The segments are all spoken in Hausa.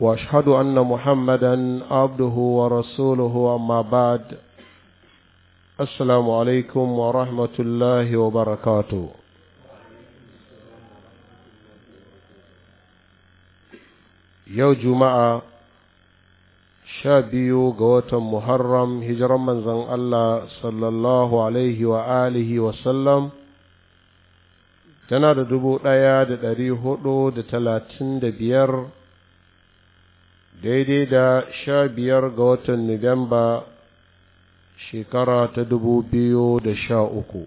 واشهد ان محمدا عبده ورسوله اما بعد السلام عليكم ورحمه الله وبركاته yau juma'a sha biyu ga watan muharram Hijrar manzon allah sallallahu alaihi wa alihi wa sallam tana da dubu ɗaya da ɗari huɗu da talatin da biyar daidai da sha biyar ga watan Nuwamba shekara ta dubu biyu da sha uku.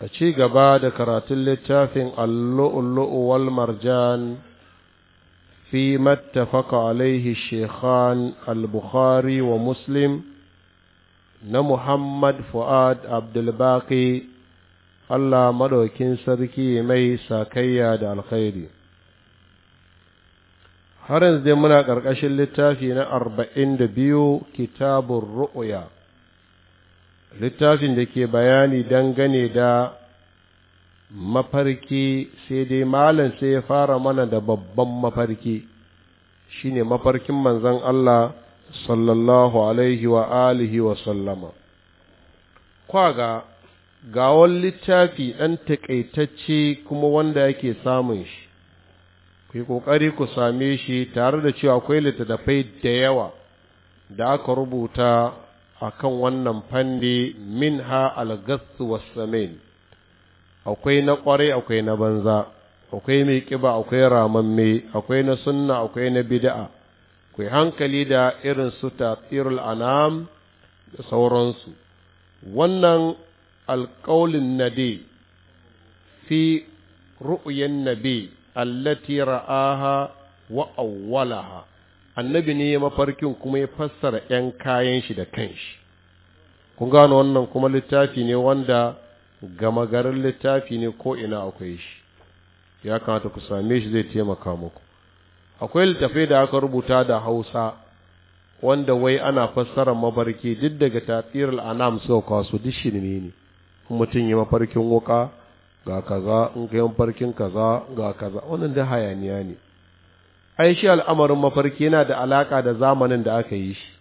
A ci gaba da karatun littafin Allu'ullu'u wal Marjan fi mattafaka alaihi Shekhan al-Bukhari wa Muslim na Muhammad Fu'ad Abdulbaki Allah madaukin sarki mai sakayya da alkhairi. har yanzu dai muna ƙarƙashin littafi na arba'in da biyu kitabun ru'uya littafin da ke bayani dangane da mafarki sai dai malam sai ya fara mana da babban mafarki shine mafarkin manzon Allah sallallahu alaihi wa alihi wa sallama kwaga gawon littafi ɗan taƙaitacce kuma wanda yake samun shi ku yi ƙoƙari ku same shi tare da cewa akwai littattafai da yawa da aka rubuta a kan wannan fanni min ha algasu wasamin akwai na ƙwarai akwai na banza akwai mai ƙiba akwai ramamme akwai na sunna akwai na bida'a ku hankali da irin su tafirul anam da sauransu wannan alƙaulin nade fi ru'uyan nabi allati ra'aha wa awwalaha annabi ne ya mafarkin kuma ya fassara ‘yan kayan shi da kanshi kun gano wannan kuma littafi ne wanda gama garin littafi ne ko ina akwai shi ya kamata ku same shi zai taimaka muku akwai littafai da aka rubuta da hausa wanda wai ana fassara mabarki duk daga tafiyar anam suka kwaso duk shi ne mutum ya mafarkin wuka ga kaza in kai mafarkin kaza ga kaza wannan da hayaniya ne ai shi al'amarin mafarki yana da alaka da zamanin da aka yi shi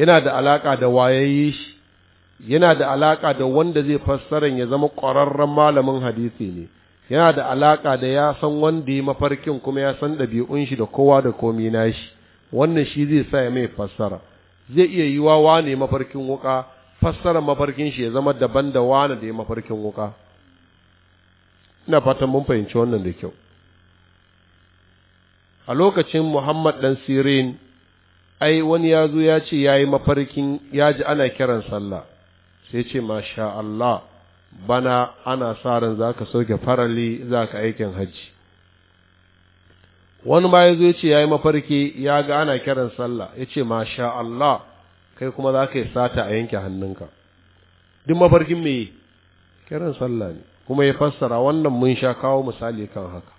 yana da alaka da wayayi shi yana da alaka da wanda zai fassara ya zama ƙwararren malamin hadisi ne yana da alaka da ya san wanda ya mafarkin kuma ya san ɗabi'un shi da kowa da komi na shi wannan shi zai sa ya mai fassara zai iya yi wa wane mafarkin wuka fassara mafarkin shi ya zama daban da wane da ya mafarkin wuka ina fatan mun fahimci wannan da kyau a lokacin muhammad dan sirin ai wani ya zo ya ce ya yi mafarkin ya ji ana kiran sallah sai ce masha Allah bana ana sa ran za ka sauke farali za ka aikin hajji wani ma ya zo ya ce ya yi mafarki ya ga ana kiran sallah ya ce masha Allah kai kuma za ka yi sata a yanke hannunka duk mafarkin me kiran sallah ne kuma ya fassara wannan mun sha kawo misali kan haka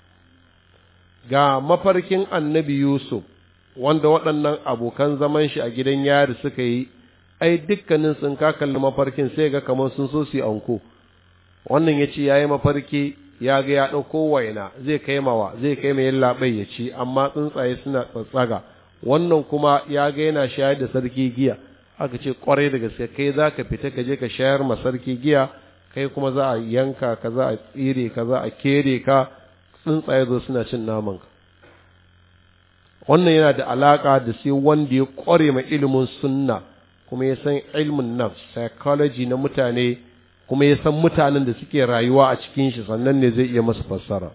ga mafarkin annabi yusuf wanda waɗannan abokan zaman shi a gidan yari suka yi ai dukkanin sun kalli mafarkin sai ga kamar sun so su anko wannan ya ce ya yi mafarki ya ga ya ɗauko waina zai kai mawa zai kai mai labai ya ci amma tsuntsaye suna tsatsaga wannan kuma ya ga yana shayar da sarki giya aka ce kwarai da gaske kai za ka fita ka je ka shayar ma sarki giya kai kuma za a yanka ka za a tsire ka za a kere ka tsuntsaye zo suna cin naman ka wannan yana da alaka da sai wanda ya kware ma ilimin sunna kuma ya san ilimin na psychology na mutane kuma ya san mutanen da suke rayuwa a cikin shi sannan ne zai iya masa fassara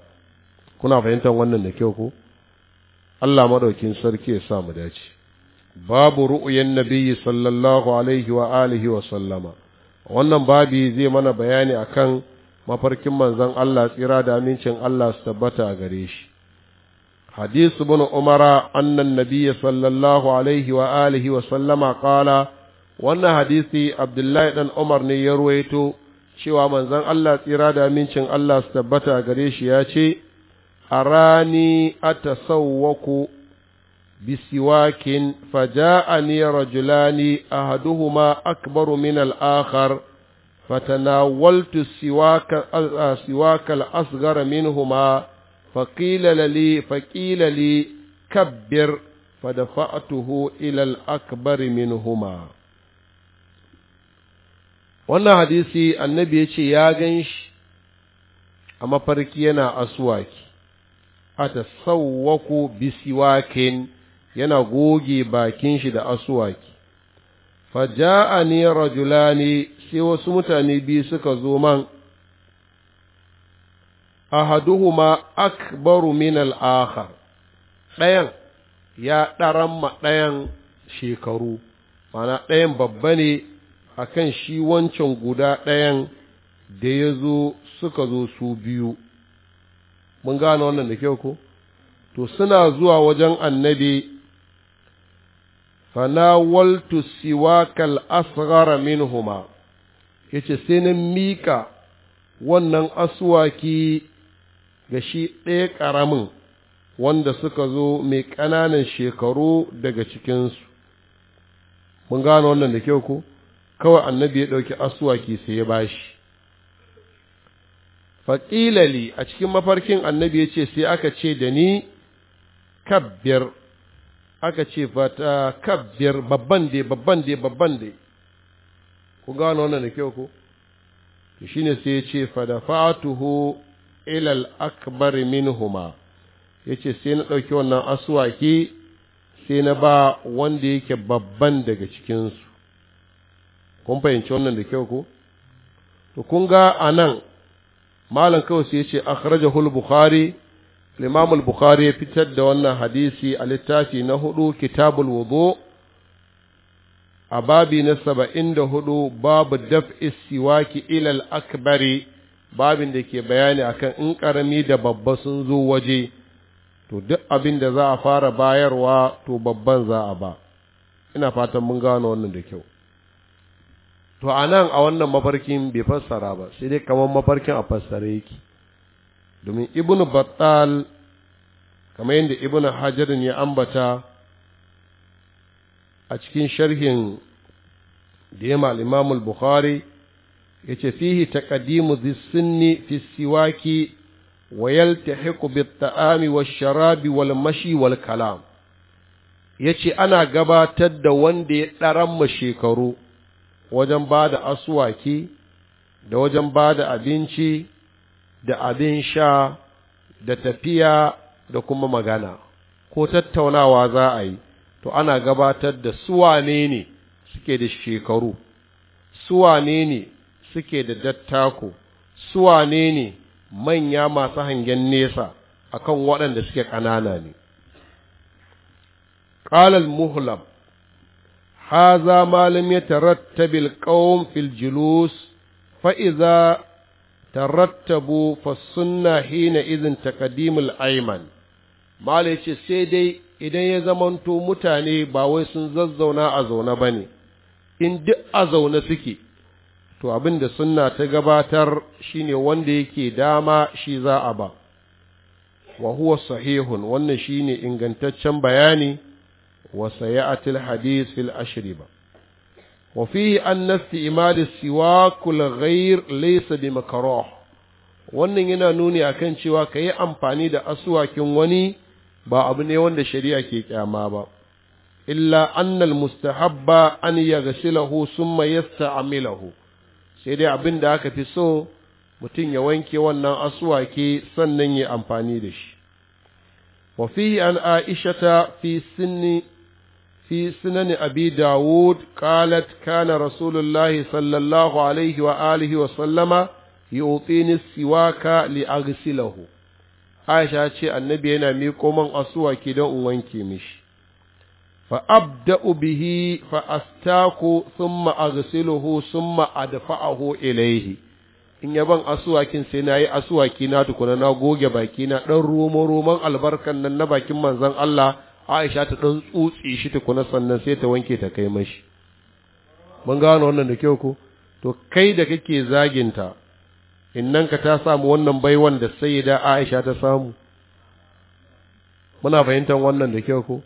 kuna fahimtar wannan da kyau ko Allah madaukin sarki ya sa mu dace babu ru'yan Nabiyyu, sallallahu alaihi wa alihi wa sallama wannan babi zai mana bayani akan mafarkin manzon Allah tsira da amincin Allah su tabbata a gare shi حديث annan Nabiya sallallahu alaihi صلى alihi wa sallama وسلم wannan hadisi Abdullahi ɗan Umar ne ya ruwaito cewa manzon Allah tsira da amincin Allah su tabbata gare shi ya ce, Arani atasawwaku بسواك فجاءني رجلان أحدهما أكبر من الآخر فتناولت السواك السواك الأصغر منهما فقيل لي فقيل لي كبر فدفعته إلى الأكبر منهما wannan hadisi annabi ya ce ya gan shi a mafarki yana aswaki a tasawwaku bisiwakin yana goge bakin shi da asuwaki faja'ani rajulani sai wasu mutane biyu suka zo man ahaduhuma akbaru min al ɗayan ya ɗaran ma ɗayan shekaru mana ɗayan babba ne akan shi wancan guda ɗayan da ya zo suka zo su biyu mun gane wannan da kyau ko to suna zuwa wajen annabi فناولت السواك asghara منهما yace sai na miƙa wannan aswaki ga shi ɗaya ƙaramin wanda suka zo mai ƙananan shekaru daga cikinsu mun gano wannan da kyau ko kawai annabi ya ɗauki aswaki sai ya bashi faƙilali a cikin mafarkin annabi ya ce sai aka ce da ni kabbir aka ce fata kabbir babban dai babban dai babban dai ku gano wannan da kyau ko to shine sai ya ce fadafa'atuhu ila al-akbar minhuma yace sai na dauki wannan aswaki sai na ba wanda yake babban daga cikin su kun fahimci wannan da kyau ko to kun ga anan malam kawai sai ya ce akhrajahu al-bukhari Limamul al-Bukhari ya fitar da wannan hadisi a littafi na hudu Kitabul Wudu a babi na saba'in da hudu babu daf'is siwaki ilal akbari babin da ke bayani akan in karami da babba sun zo waje to duk abin da za fara bayarwa to babban za a ba ina fatan mun gano wannan da kyau to anan a wannan mafarkin bai fassara ba sai dai kamar mafarkin a fassare yake domin Ibn battal kamar yadda Ibn hajarin ya ambata a cikin sharhin da ya malimamul bukhari ya ce fihi taqadimu sunni fi siwaki wa yaltahiqu bit ta'ami sharabi wal mashi wal kalam yace ana gabatar da wanda ya daran ma shekaru wajen bada aswaki da wajen ba da abinci da abin sha da tafiya da kuma magana ko tattaunawa za a yi to ana gabatar da suwane ne suke da shekaru suwane ne suke da dattako suwane ne manya masu hangen nesa akan waɗanda suke ƙanana ne Ƙalal muhlab haza ma lam yatarattab al fil julus tarattabu fa sunna hina idin taqdimul aiman. malai ce sai dai idan ya zamanto mutane ba wai sun zazzauna a zaune bane in duk a zaune suke to abin da sunna ta gabatar shine wanda yake dama shi za a ba wa huwa sahihun wannan shine ingantaccen bayani wa sayatil hadith fil ashriba وفيه أن استعمال السواك الغير ليس بمكروه wannan yana nuni akan cewa ka yi amfani da asuwakin wani ba abu ne wanda shari'a ke kyama ba illa annal mustahabba an yaghsilahu summa yasta'milahu sai dai abin da aka fi so mutum ya wanke wannan asuwake sannan ya amfani da shi wa fihi an ta fi sinni في سنن أبي داود قالت كان رسول الله صلى الله عليه وآله وسلم يعطيني السواك لأغسله عائشة ce annabi yana miƙo man asuwaki don in wanke mishi fa abda'u bihi fa astaku thumma aghsiluhu in yaban asuwakin sai nayi asuwaki na tukuna na goge baki na dan rumo roman albarkan nan na bakin manzon Allah aisha ta ɗan tsutsi shi tukuna sannan sai ta wanke ta kai mashi mun gano wannan da kyau ko to kai da kake zaginta innan ka ta samu wannan baiwan da sayyida aisha ta samu muna fahimtar wannan da kyau ko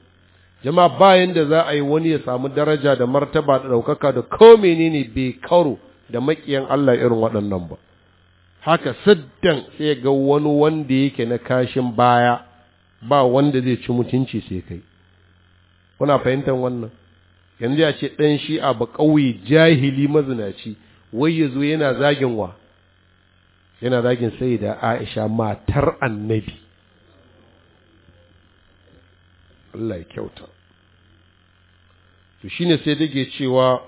jama'a bayan da za a yi wani ya samu daraja da martaba da ɗaukaka da ko menene bai karo da makiyan Allah irin waɗannan ba haka siddan sai ga wani wanda yake na kashin baya ba wanda zai ci mutunci sai kai kuna fahimtar wannan yanzu ya ce ɗan a ba ƙauye jahili mazinaci wai ya zo yana zagin wa yana zagin sai da aisha matar annabi Allah ya kyauta to shine sai dage cewa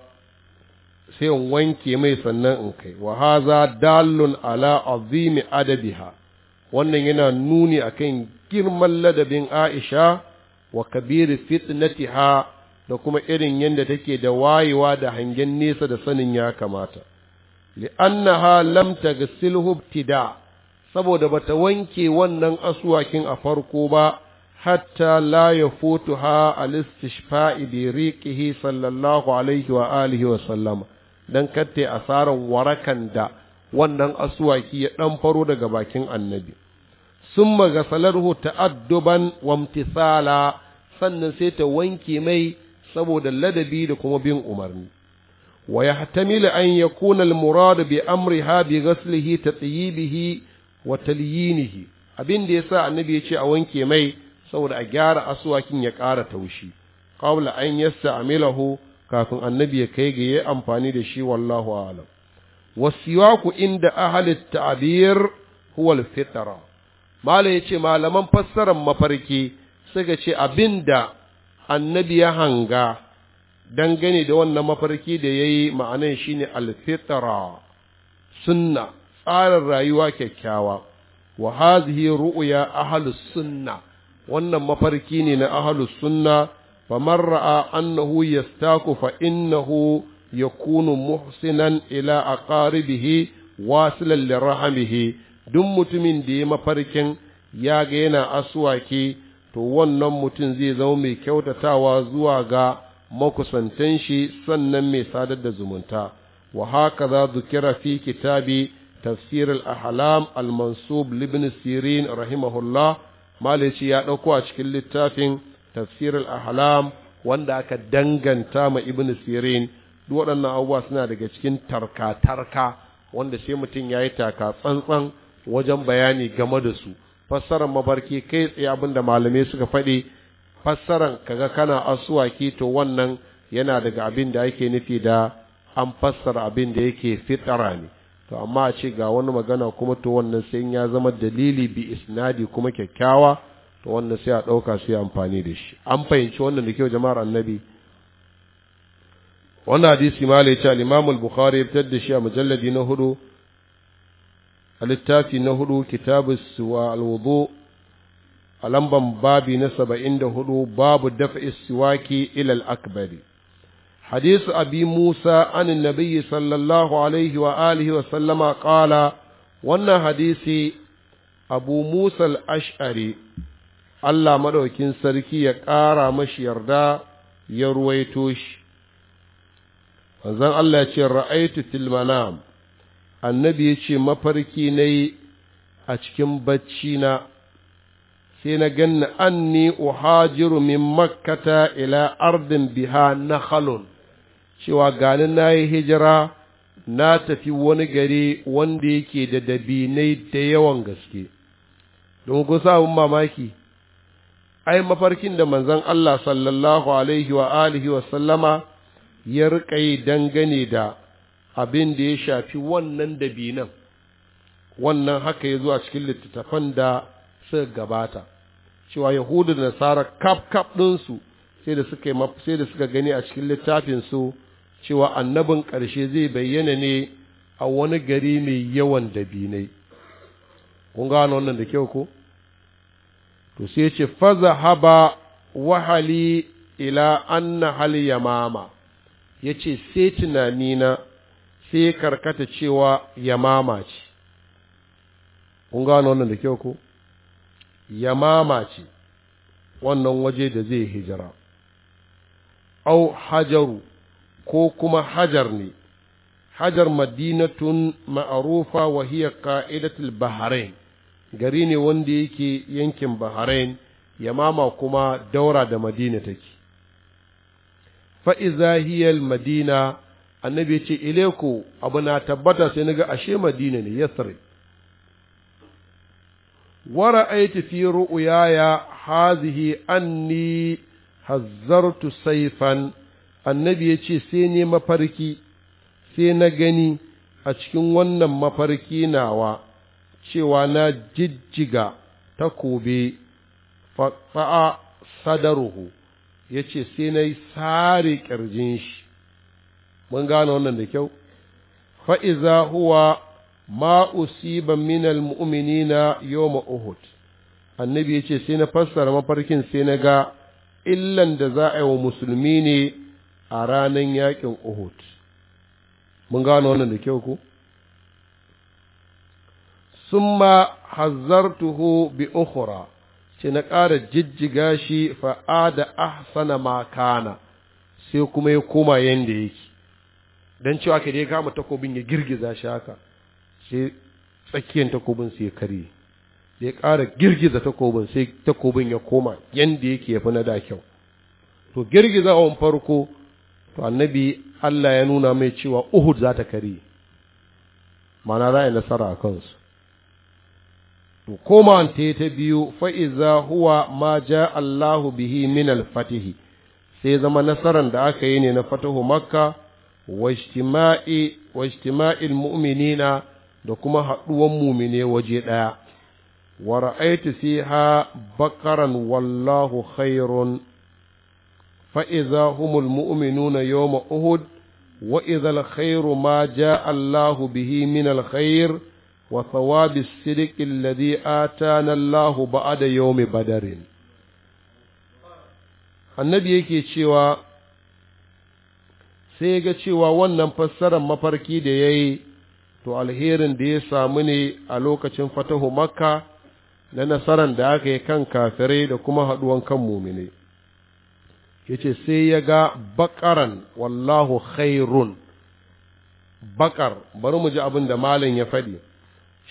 sai in wanke mai sannan in kai wa haza dallun ala azimi adabiha wannan yana nuni a kan girman ladabin Aisha wa kabiri fitnatiha da kuma irin yadda take da wayewa da hangen nesa da sanin ya kamata ha lamta ga silhubtida saboda bata wanke wannan asuwakin a farko ba hatta la yafutuha al-istishfa'i bi riqihi sallallahu alaihi wa alihi wa sallama dan katte asarar warakan da wannan asuwaki ya ɗan faro daga bakin annabi sun magasalarhu ta'adduban wamtisala sannan sai ta wanke mai saboda ladabi da kuma bin umarni wa ya yahtamilu an yakuna al-murad bi amriha bi ghaslihi tatyibihi wa talyinihi abin da yasa annabi ya ce a wanke mai saboda a gyara asuwakin ya ƙara taushi qawla an yasta'milahu kafin annabi ya kai ga yayi amfani da shi wallahu a'lam wasiwaku inda ahalit ta'bir huwa al-fitra malai yace malaman fassarar mafarki suka ce abinda annabi ya hanga dangane da wannan mafarki da yayi ma'anan shine al-fitra sunna tsarin rayuwa kyakkyawa wa ru'uya ru'ya ahlus sunna wannan mafarki ne na ahlus sunna faman ra'a annahu yastaku fa innahu yakunu muhsinan ila aqaribihi wasilan lirahamihi duk mutumin da ya mafarkin ya ga yana aswaki to wannan mutum zai zama mai kyautatawa zuwa ga makusantan shi sannan mai sadar da zumunta wa haka za zukira fi kitabi tafsir al-ahlam al-mansub libn sirin rahimahullah malici ya ɗauko a cikin littafin tafsir al-ahlam wanda aka danganta ma ibn sirin duk waɗannan abubuwa suna daga cikin tarka-tarka wanda sai mutum ya yi taka tsantsan wajen bayani game da su fassarar mabarki kai tsaye abin da malamai suka faɗi fassarar kaga kana asuwaki to wannan yana daga abin da ake nufi da an fassara abin da yake fitara ne to amma a ce ga wani magana kuma to wannan sai ya zama dalili bi isnadi kuma kyakkyawa to wannan sai a ɗauka sai amfani da shi an fahimci wannan da kyau jama'ar annabi wannan hadisi malai ce al bukhari ya da shi a mujalladi na hudu a littafi na hudu kitabu suwa al a lamban babi na saba'in da hudu babu dafa siwaki ilal akbari hadisu abi musa an nabiyyi sallallahu alaihi wa alihi wa sallama qala wannan hadisi abu musa al-ash'ari Allah madaukin sarki ya ƙara mashi yarda ya ruwaito shi manzon Allah ya ce ra'aitu fil manam annabi ya ce mafarki nayi a cikin bacci na sai na ganni anni uhajiru min makkata ila ardin biha nakhalun cewa gani na yi hijira na tafi wani gari wanda yake da dabinai da yawan gaske don kusa abin mamaki ai mafarkin da manzon Allah sallallahu alaihi wa alihi wa sallama ya riƙa yi dangane da abin da ya shafi wannan dabinan wannan haka ya zuwa cikin littattafan da suka gabata cewa yahudu da nasara kaf kaf ɗinsu sai da suka sai da suka gani a cikin littafin su cewa annabin ƙarshe zai bayyana ne a wani gari mai yawan dabinai kun gano wannan da kyau ko to sai ya ce faza haba wahali ila anna hal yamama ya ce sai tunanina sai karkata cewa ya mamaci kun gano wannan da kyau ko Ya ce wannan waje da zai hijira au hajaru ko kuma hajar ne hajar madinatun ma'arufa wa hiya ka'idatul bahrain gari ne wanda yake yankin bahrain yamama kuma daura da madina take fa'iza hiyal madina annabi ya ce Ileku abu na tabbata sai naga ashe madina ne yasri wara aiti fi ru'uyaya hazihi anni hazzartu saifan annabi ya ce sai ne mafarki sai na gani a cikin wannan mafarki nawa cewa na jijjiga takobe fa'a sadaruhu ya ce sai na yi sare ƙirjin shi mun gane wannan da kyau fa'iza huwa ma ba minal mu'uminina yoma uhud annabi ya ce sai na fassara mafarkin sai na ga illan da za a yi wa musulmi ne a ranar yaƙin uhud mun gane wannan da kyau ku. summa hazzartuhu bi ukhra ce na ƙara jijjiga shi fa'ada ahsana makana sai kuma ya koma yanda yake don cewa ka dai kama takobin ya girgiza shi haka sai tsakiyar takobin sai ya karye ya ƙara girgiza takobin sai takobin ya koma yanda yake ya fi na da kyau to girgizawan farko to annabi Allah ya nuna mai cewa Uhud za ta kare mana za a yi nasara a kansu to koma ta ta biyu fa'iza huwa ma ja Allahu bihi min al-fatihi sai zama nasaran da aka yi ne na fatahu makka wa ijtima'il mu'minina da kuma haɗuwan mumine waje ɗaya wa ra'aytu ha bakaran wallahu khairun فإذا هم المؤمنون يوم أهد khairu الخير ما جاء الله به من الخير wa thawabi sidqi alladhi atana Allahu ba'da badarin annabi yake cewa sai ga cewa wannan fassarar mafarki da ya yi to alherin da ya samu ne a lokacin fatahu makka na nasarar da aka yi kan kafirai da kuma haɗuwan kan mumine ce sai ya ga bakaran wallahu khairun bakar bari mu ji abin da malam ya faɗi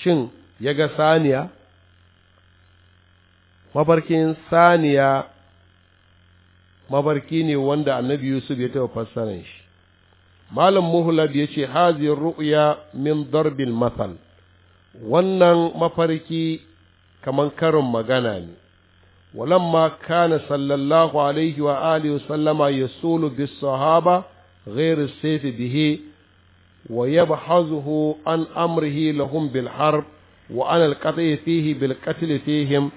shin ya ga saniya mafarkin saniya mafarki ne wanda annabi yusuf ya taɓa fassaran shi malam muhlab ya ce hazin ru'ya min darbin masal wannan mafarki kamar karin magana ne sallallahu alaihi wa alihi wa sallama yasulu bis sahaba ghairu sayfi bihi Wa عن أمره لهم بالحرب وعن القطع فيه بالقتل فيهم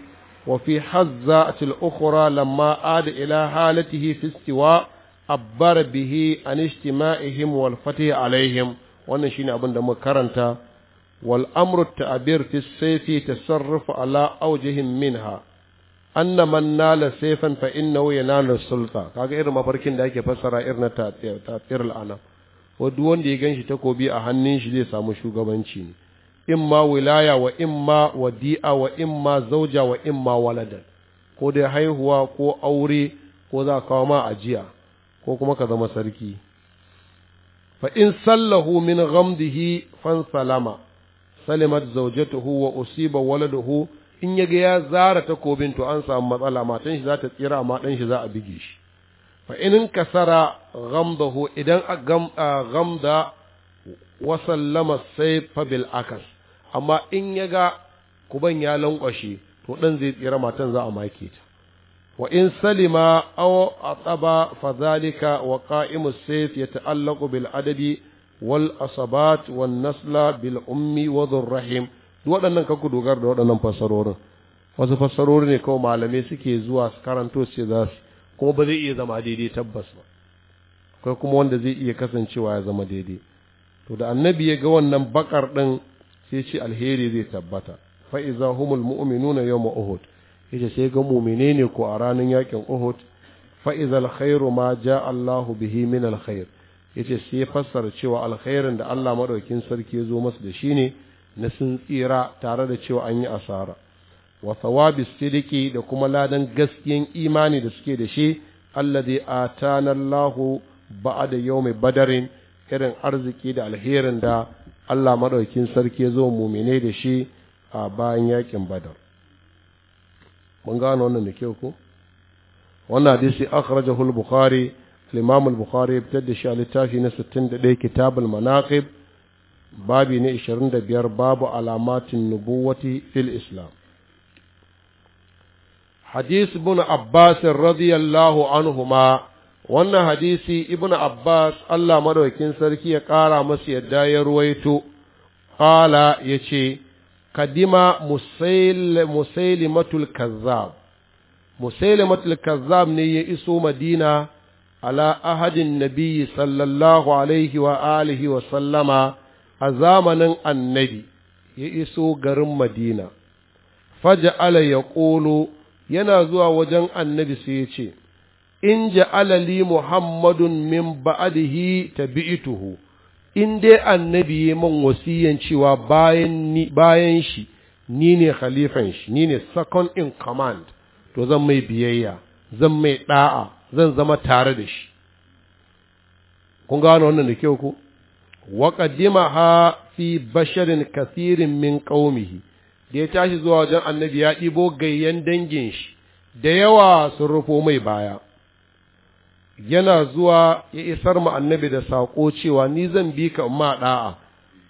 وفي حزة الأخرى لما عاد إلى حالته في استواء أبر به عن اجتماعهم والفتح عليهم wannan shine abin da muka karanta wal amru ta'bir fi sayfi tasarruf ala awjihim minha anna man nala sayfan fa innahu yanalu sulta kaga irin mafarkin da ake fassara irin ta ta'bir al wadda wanda ya ganshi takobi a hannun shi zai samu shugabanci ne In ma wilaya wa in ma wadi'a wa in ma zauja wa in ma waladan ko dai haihuwa ko aure ko za ka kawo ma ajiya ko kuma ka zama sarki fa in sallahu min ghamdihi fan salama salimat zawjatuhu wa usiba waladuhu in yaga ya zara takobin to an samu matsala matan shi za ta tsira amma dan shi za a bige shi fa in kasara ghamdahu idan ghamda wa sallama sayfa bil akas amma in ya ga kuban ya lankwashe to dan zai tsira matan za a make ta wa in salima aw ataba fa zalika wa qa'imus sayf yata'allaqu bil adabi wal asabat wan nasla bil ummi wa rahim duk waɗannan ka ku dogara da waɗannan fassarorin wasu fassarori ne kawai malamai suke zuwa su karanto su za su Kuma ba zai iya zama daidai tabbas ba akwai kuma wanda zai iya kasancewa ya zama daidai to da annabi ya ga wannan bakar din sai ce alheri zai tabbata fa iza humul mu'minuna yawm uhud yace sai ga mu'mine ne ko a ranar yakin uhud fa iza alkhairu ma jaa Allah bihi min alkhair yace sai fassara cewa alkhairin da Allah madaukin sarki ya zo masa da shi ne na sun tsira tare da cewa an yi asara wa sawabi sidiki da kuma ladan gaskiyan imani da suke da shi alladhi atana Allahu ba'da yawmi badarin irin arziki da alherin da Allah madaukin sarki zo mumine da shi a bayan yakin badar mun gano wannan da kyau ko wannan hadisi akhrajahu al-bukhari al-imam al-bukhari ibtada da shi a littafi na 61 kitab al-manaqib babi ne 25 babu alamatin nubuwati fil islam hadis ibn Abbas radiyallahu anhuma wannan hadisi ibn Abbas Allah madaukin sarki ya ƙara masa yadda ya ruwaito qala yace kadima musailimatul kazzab musailimatul kazzab ne ya iso madina ala ahadin sallallahu alaihi wa alihi wa sallama a zamanin annabi ya iso garin madina faja'ala ya ƙolo yana zuwa wajen annabi sai ya ce in ja'alali muhammadun min ba'adihi tabi'ituhu in dai annabi ya man wasiyan cewa bayan shi ni ne khalifan shi ni ne second in command to zan mai biyayya zan mai da'a zan zama tare da shi kun gano wannan da kyau ko wa ha fi basharin kasirin min qaumihi da ya tashi zuwa wajen annabi ya ɗibo gayyan dangin shi da yawa sun rufo mai baya yana zuwa ya isar ma annabi da saƙo cewa ni zan bi ka ma ɗa'a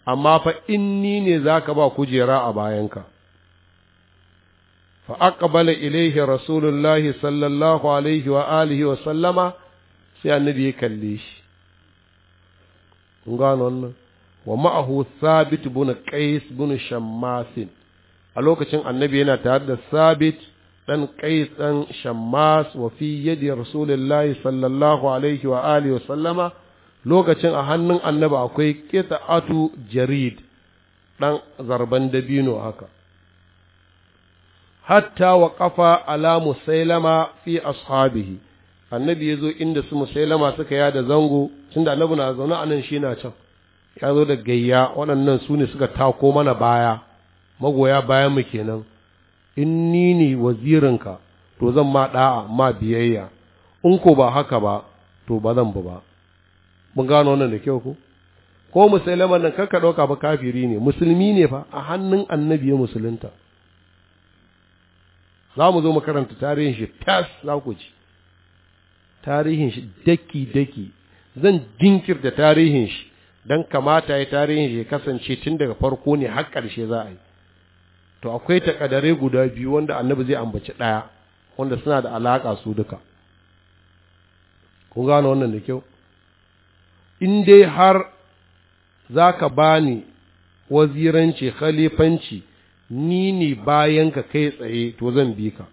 amma fa in ni ne za ka ba kujera a bayanka fa aqbala ilaihi rasulullahi sallallahu alaihi wa alihi wa sallama sai annabi ya kalle shi kun gano wannan wa ma'ahu thabit bin qais bin shammasin a lokacin annabi yana tare da sabit ɗan kai ɗan shammas wa fi yadi rasulullahi sallallahu alaihi wa alihi wa sallama lokacin a hannun annabi akwai atu jarid ɗan zarban dabino haka hatta wa ƙafa ala musailama fi ashabihi annabi ya zo inda su musailama suka yada zango tunda annabi na zaune a nan shi na can ya zo da gayya waɗannan su ne suka tako mana baya magoya bayan mu kenan in ni ne wazirinka to zan ma da'a ma biyayya in ko ba haka ba to ba zan ba mun gano wannan da kyau ko ko musulma nan ka ɗauka ba kafiri ne musulmi ne fa a hannun annabi ya musulunta za mu zo makaranta tarihin shi tas za ku ji tarihin shi daki-daki zan dinkir da tarihin shi dan kamata ya tarihin shi kasance tun daga farko ne har karshe za a yi to akwai takadare guda biyu wanda annabi zai ambaci ɗaya wanda suna da alaƙa su duka kun gane wannan da kyau in dai har za ka bani waziranci khalifanci ni ne bayan ka kai tsaye to zan bi ka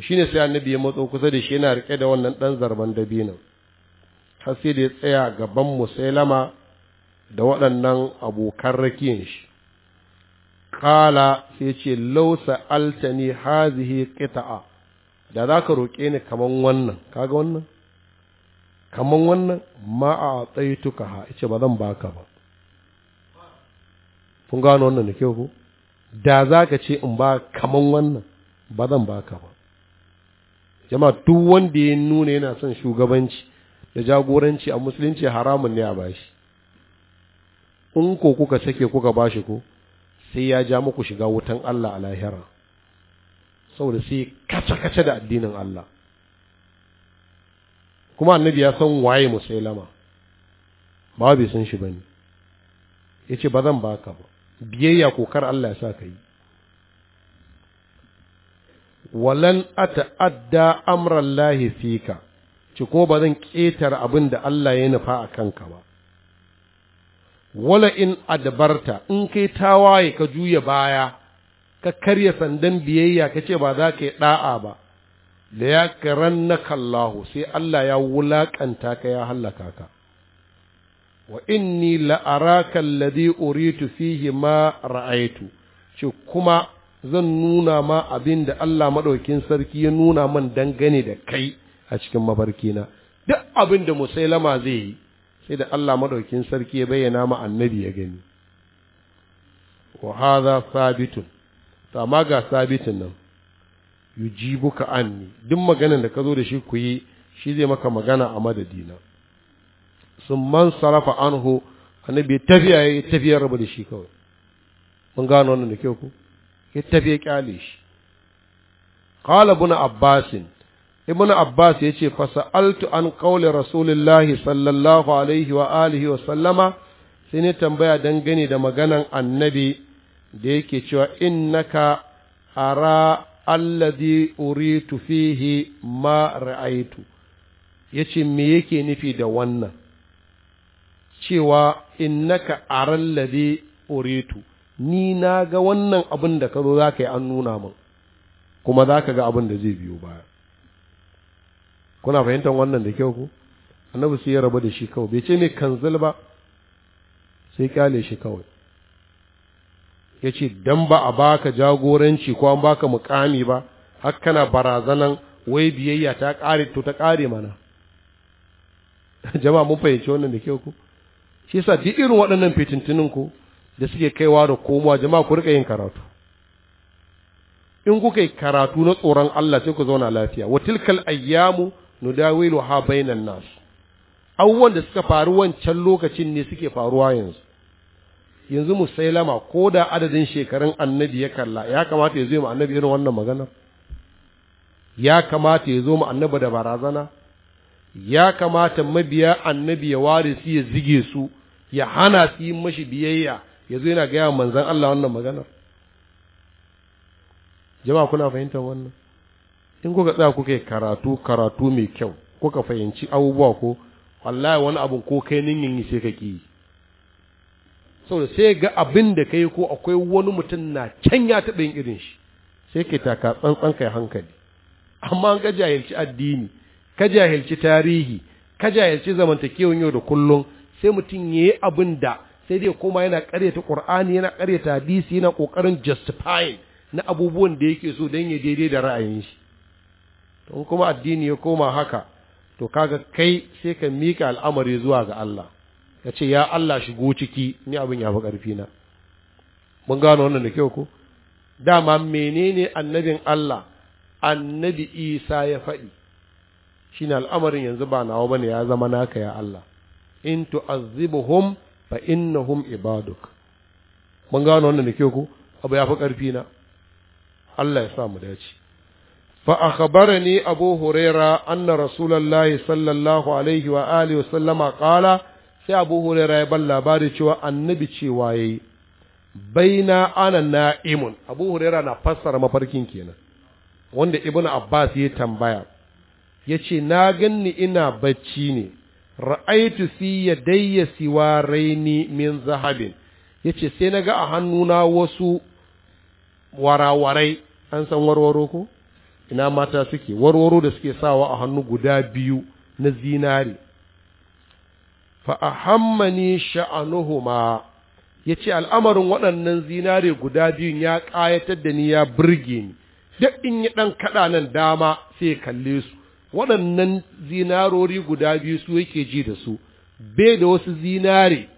shi ne sai annabi ya matso kusa da shi yana rike da wannan ɗan zarban nan. har sai da ya tsaya gaban musailama da waɗannan abokan rakiyar shi Kala sai ce, Lausa altani hazihi ƙita'a, da za ka roƙe ni kaman wannan, kaga wannan? Kaman wannan ma'a tsaituka ha, ice ba zan baka ba. Kun gano wannan da kyau ko? Da za ka ce in ba kaman wannan, ba zan baka ba. Jama'a duk wanda ya nuna yana son shugabanci da jagoranci a musulunci haramun ne a bashi. In ko kuka sake kuka bashi ko? sai ya ja muku shiga wutan Allah a lahira saboda sai kace-kace da addinin Allah kuma annabi ya san waye musailama ba bai san shi bane yace ba zan baka ba biyayya kokar Allah ya sa ka yi walan ata'adda amran lahi fika ci ko ba zan ƙetar abin da Allah ya nufa a kanka ba wala in adbarta in kai tawaye ka juya baya ka karya sandan biyayya ka ce ba za ka yi ɗa'a ba da ya karan na kallahu sai Allah ya wulaƙanta ka ya hallaka ka wa inni la'araka alladhi uritu fihi ma ra'aitu ce kuma zan nuna ma abin Allah madaukin sarki ya nuna man dangane da kai a cikin mabarkina duk abinda da musailama zai yi sai da Allah maɗaukin sarki ya bayyana ma annabi ya gani wa hadha sabitun to amma ga sabitin nan yujibuka anni duk maganin da ka zo da shi ku yi shi zai maka magana a madadina sun man sarafa anhu annabi ya tafiya ya tafiya raba da shi kawai mun gano wannan da kyau ku ya tafiya kyale shi qala buna abbasin ibnu abbas ya ce fasa'altu an qawli rasulillahi sallallahu alaihi wa alihi wa sallama sai ne tambaya dangane da maganan annabi da yake cewa innaka ara alladhi uritu fihi ma ra'aitu yace me yake nufi da wannan cewa innaka aralladhi uritu ni na ga wannan abin da ka zo za ka yi an nuna min kuma za ka ga abin da zai biyo baya kuna fahimtar wannan da kyau ku annabi sai ya rabu da shi kawai bai ce mai kanzil ba sai kyale shi kawai ya ce don ba a baka jagoranci ko an baka mukami ba har kana barazanan wai biyayya ta ƙare to ta ƙare mana jama'a mun fahimci wannan da kyau ku shi yasa duk irin waɗannan fitintunin ku da suke kaiwa da komowa jama'a ku rika yin karatu in kuka yi karatu na tsoron Allah sai ku zauna lafiya wa tilkal ayyamu nudawilu ha bainan nas abubuwan da suka faru wancan lokacin ne suke faruwa yanzu yanzu musailama ko da adadin shekarun annabi ya kalla ya kamata ya zo mu annabi irin wannan magana ya kamata ya zo mu annabi da barazana ya kamata mabiya annabi ya ware su ya zige su ya hana su yin mashi biyayya ya zo yana gaya manzan Allah wannan magana jama'a kuna fahimtar wannan in kuka tsaya kuka yi karatu karatu mai kyau kuka fahimci abubuwa ko wallahi wani abun ko kai nin yi sai ka ki saboda sai ga abin da kai ko akwai wani mutum na can ya taɓa yin irin shi sai ka taka tsantsan kai hankali amma an ka jahilci addini ka jahilci tarihi ka jahilci zamantakewan yau da kullum sai mutum ya yi abin da sai dai koma yana karyata ƙur'ani yana karyata hadisi yana ƙoƙarin justifying na abubuwan da yake so don ya daidai da ra'ayin shi to kuma addini ya koma haka to kaga kai sai ka mika al'amari zuwa ga Allah ka ce ya Allah shigo ciki ni abin ya fi ƙarfi na mun gano wannan da kyau ko dama menene annabin Allah annabi Isa ya faɗi shine al'amarin yanzu ba nawa bane ya zama naka ya Allah in tu'azzibuhum fa innahum ibaduk mun gano wannan da kyau ko abu ya fi ƙarfi na Allah ya sa mu dace فأخبرني أبو هريرة أن رسول الله صلى الله عليه وآله وسلم قال sai abu hurera ya ban labari cewa annabi cewa ya yi baina ana na'imun abu hurera na fassara mafarkin kenan wanda ibn abbas ya tambaya ya ce na ni ina bacci ne ra'aitu si ya dayya siwa raini min zahabin ya ce sai na ga a hannuna wasu warawarai an san warwaro ko ina mata suke warwaro da suke sawa a hannu guda biyu na zinari. fa ahammani sha'anuhuma yace al'amarin waɗannan zinare guda biyun ya ƙayatar da ni ya burge ni duk in yi ɗan kaɗa nan dama sai kalle su waɗannan zinarori guda biyu su yake ji da su bai da wasu zinare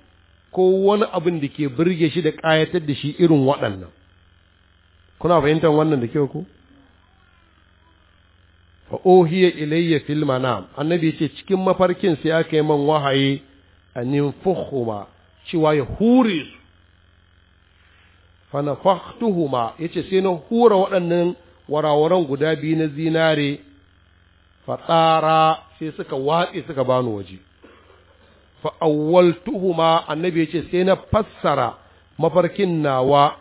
ko wani abin da ke burge shi da ƙayatar da shi irin waɗannan kuna fahimtar wannan da kyau ko fa ohiya ilayya fil manam annabi yace cikin mafarkin sai aka yi man wahayi anin fuhuma cewa ya hure su fa yace sai na hura waɗannan warawaran guda biyu na zinare fatsara sai suka watse suka bani waje fa awwaltuhuma annabi yace sai na fassara mafarkin nawa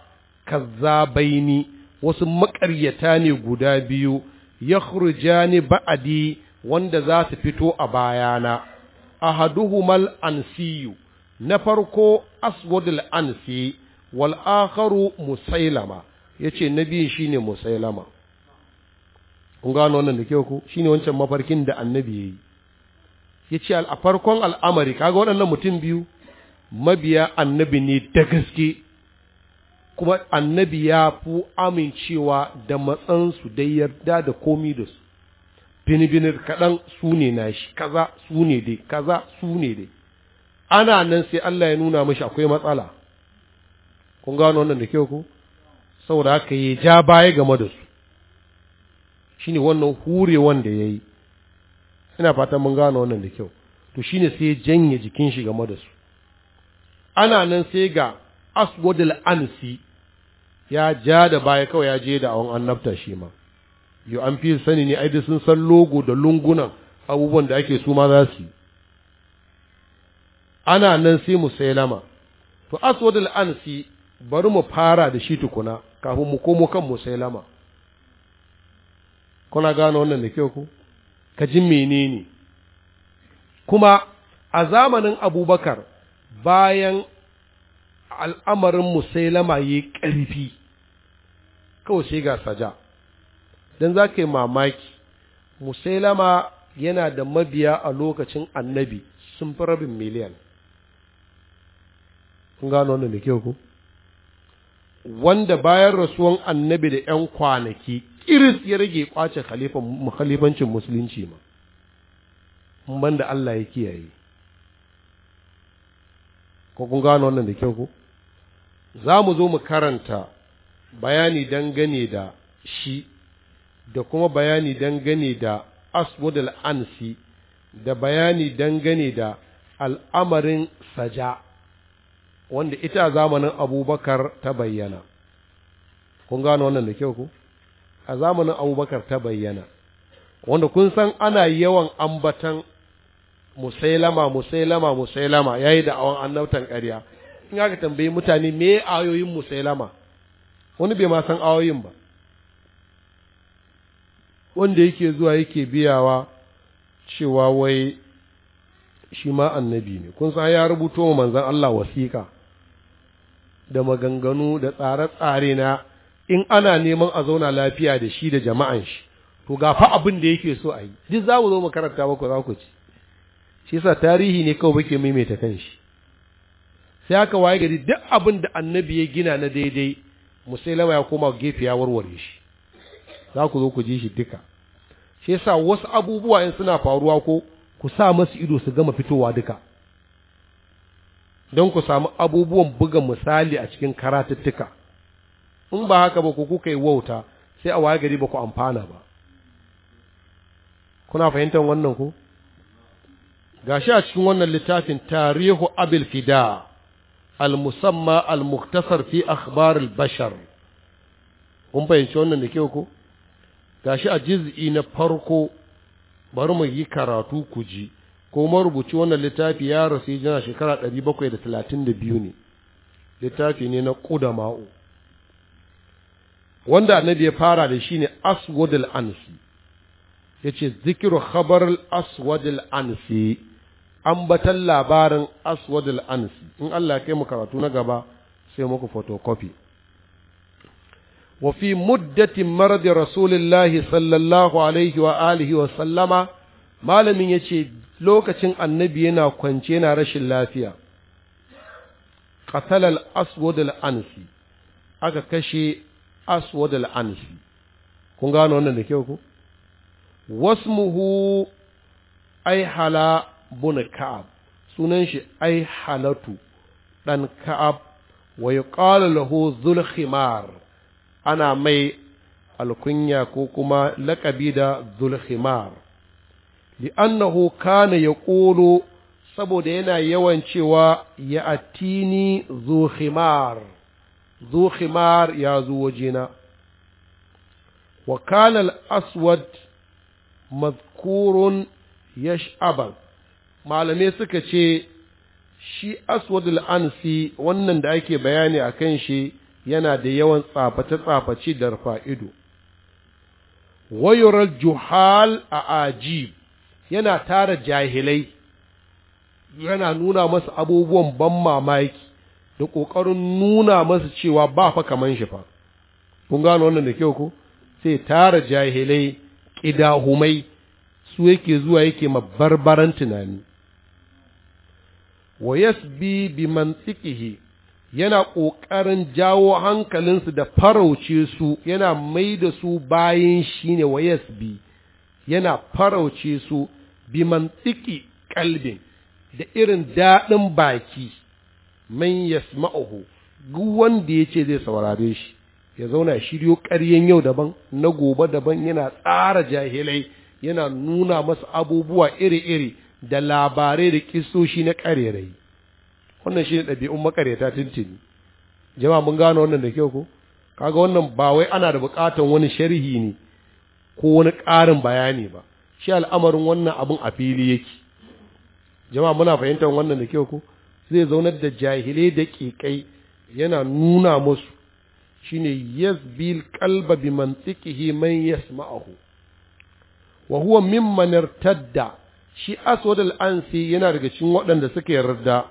kazzabaini wasu maƙaryata ne guda biyu yakhrujani ba'adi wanda za su fito a bayana ahaduhumal ansiyu na farko aswadul ansi wal akharu musailama yace na biyun shine musailama kun gano wannan da kyau shine wancan mafarkin da annabi yayi yace al farkon al'amari kaga waɗannan mutum biyu mabiya annabi ne da gaske kuma annabi ya fi amincewa da matsansu da yarda da komi da su binibinir kaɗan su ne na shi kaza su ne dai kaza su ne dai ana nan sai Allah ya nuna mashi akwai matsala kun gano wannan da kyau ko saboda haka ya ja baya game da su Shi ne wannan hure wanda ya yi ina fatan mun gano wannan da kyau to shi ne sai ya janye jikin shi game da su ana nan sai ga aswadul ansi ya ja da baya kawai ya je da awon annabta shi ma yo an fi sani ne ai sun san logo da lungunan abubuwan da ake su ma za su yi ana nan sai mu sai lama to aswadul ansi bari mu fara da shi tukuna kafin mu komo kan mu sai lama kuna gano wannan da kyau ku ka ji menene kuma a zamanin abubakar bayan al'amarin musailama ya ƙarfi kawai sai ga saja don za ka yi mamaki musailama yana da mabiya a lokacin annabi sun fi rabin miliyan kun gano wannan da kyau ku wanda bayan rasuwan annabi da 'yan kwanaki iris ya rage kwace khalifancin musulunci ma da Allah ya kiyaye ko kun gano wannan da kyau ku za mu zo mu karanta bayani dangane da shi da kuma bayani dangane da aswad al-ansi da bayani dangane da al'amarin saja wanda ita zamanin abubakar ta bayyana kun gano wannan da kyau ku a zamanin abubakar ta bayyana wanda kun san ana yawan ambatan musailama musailama musailama yayi da awan annabtan ƙarya in aka tambayi mutane me ayoyin musailama wani bai ma san awoyin ba wanda yake zuwa yake biyawa cewa wai shi ma annabi ne kun san ya rubuto wa manzan Allah wasiƙa da maganganu da tsare-tsare na in ana neman a zauna lafiya da shi da jama'an shi to ga abin da yake so a yi duk za mu zo mu karanta ku za ku ci shi yasa tarihi ne kawai bake maimaita shi sai aka waye gari duk abin da annabi ya gina na daidai musailama ya koma gefe ya warware shi za ku zo ku ji shi duka shi yasa wasu abubuwa in suna faruwa ko ku sa masu ido su gama fitowa duka don ku samu abubuwan buga misali a cikin karatuttuka in ba haka ba ku kuka yi wauta sai a waye gari ba ku amfana ba kuna fahimtar wannan ku gashi a cikin wannan littafin tarihu abil fida Almusamma almuktasar fi akhbar bashar kun fahimci wannan da ke ko gashi a juz'i na farko bari mu yi karatu ku ji ko marubuci wannan littafi ya rasu yana shekara 732 ne littafi ne na qudama'u wanda annabi ya fara da shi ne aswadul al-ansi yace zikiru khabar al-aswad ansi ambatan labarin aswadul ansi in Allah ya kai mu karatu na gaba sai muku photocopy wa fi muddatin maradi rasulillahi sallallahu alaihi wa alihi wa sallama malamin yace lokacin annabi yana kwance yana rashin lafiya qatal al aswad al ansi aka kashe aswad al ansi kun gano wannan da kyau ko wasmuhu ai hala bin Ka'ab sunan shi ai halatu Ɗan Ka'ab wa yuqalu lahu zulhimar. ana mai alkunya ko kuma laƙabi da zulhimar li'annahu kana yaqulu saboda yana yawan cewa ya atini zuhimar. Zulhimar ya zo wajena وكان الأسود مذكور يشعبك malamai suka ce shi aswadul ansi wannan da ake bayani a kan shi yana da yawan tsaface-tsaface da fa'idu, ido juhal a ajib yana tara jahilai yana nuna masu abubuwan ban mamaki da ƙoƙarin nuna masu cewa ba fa kaman shi fa kun gano wannan da kyau ko sai tara jahilai ƙidahumai su yake zuwa yake mabarbaran tunani wa yasbi bi mantiqihi yana ƙoƙarin jawo hankalinsu da farauce su yana mai da su bayan shi ne wa yasbi yana farauce su bi mantiqi kalbin da irin daɗin baki man yasma'uhu duk wanda ya ce zai saurare shi ya zauna shiryo ƙaryen yau daban na gobe daban yana tsara jahilai yana nuna masu abubuwa iri-iri da labarai da kisoshi na karerai wannan shi ne ɗabi'un makareta tuntuni jama'a mun gano wannan da kyau ko kaga wannan ba wai ana da buƙatan wani sharhi ne ko wani ƙarin bayani ba shi al'amarin wannan abin a fili yake jama'a muna fahimtar wannan da kyau ko zai zaunar da jahilai da ƙiƙai yana nuna musu shine bil kalba bi mantiqihi man yasma'uhu wa huwa mimman irtadda shi aswad al-ansi yana daga cikin waɗanda suka yarda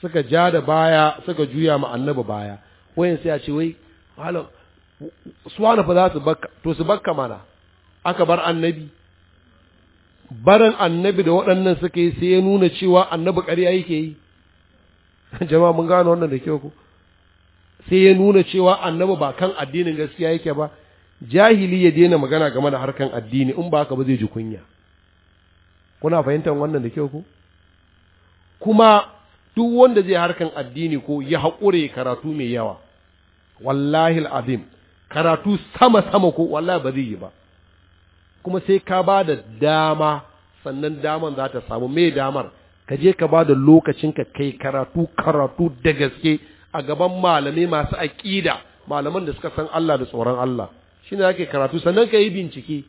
suka ja da baya suka juya ma annabi baya wayan sai a ce wai malam suwana fa za su bakka to su bakka mana aka bar annabi barin annabi da waɗannan suka yi sai ya nuna cewa annabi ƙarya yake yi jama'a mun gano wannan da kyau ko sai ya nuna cewa annabi ba kan addinin gaskiya yake ba jahili ya daina magana game da harkan addini in ba haka ba zai ji kunya kuna fahimtar wannan da kyau ku kuma duk wanda zai harkan addini ko ya haƙure karatu mai yawa wallahi azim karatu sama sama ko wallahi ba zai yi ba kuma sai ka ba da dama sannan daman za ta samu mai damar ka je ka ba da lokacin ka kai karatu karatu da gaske a gaban malamai masu aƙida malaman da suka san Allah da tsoron Allah shine ake karatu sannan ka yi bincike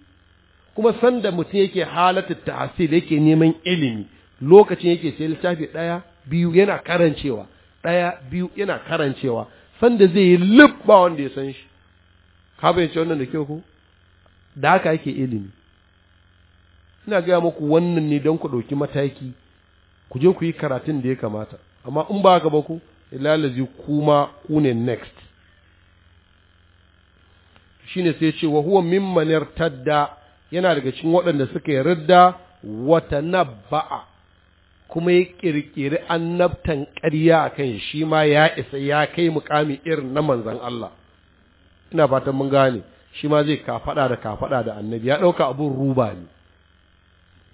kuma sanda mutum yake halatta tahsil yake neman ilimi lokacin yake sai littafi ɗaya biyu yana karancewa ɗaya biyu yana karancewa sanda zai yi lubba wanda ya san shi ka bayyance wannan da kyau ko da haka yake ilimi ina gaya muku wannan ne don ku ɗauki mataki ku je ku yi karatun da ya kamata amma in ba haka ba ku ilalazi kuma ku ne next shine sai ce wa huwa mimman yartadda yana daga cikin waɗanda suka yi ridda wata nabba'a kuma ya ƙirƙiri annabtan ƙarya a kan shi ma ya isa ya kai muƙami irin na manzan Allah ina fatan mun gane shi ma zai kafaɗa da kafaɗa da annabi ya ɗauka abun ruba ne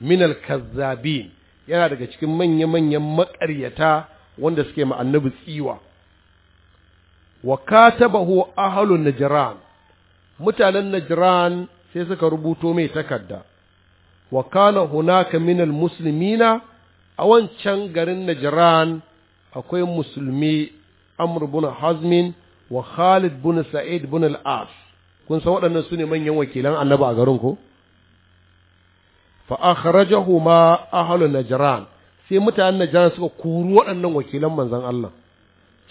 minal kazzabin yana daga cikin manya-manyan maƙaryata wanda suke ma annabi tsiwa wa katabahu ahlun najran mutanen najran sai suka rubuto mai takarda wa kana hunaka minal muslimina a wancan garin najran akwai musulmi amr bin hazmin wa khalid bin sa'id bin al-as kun san waɗannan su ne manyan wakilan annabi a garin ko fa akhrajahu ma ahlu najran sai mutanen najran suka kuru waɗannan wakilan manzon Allah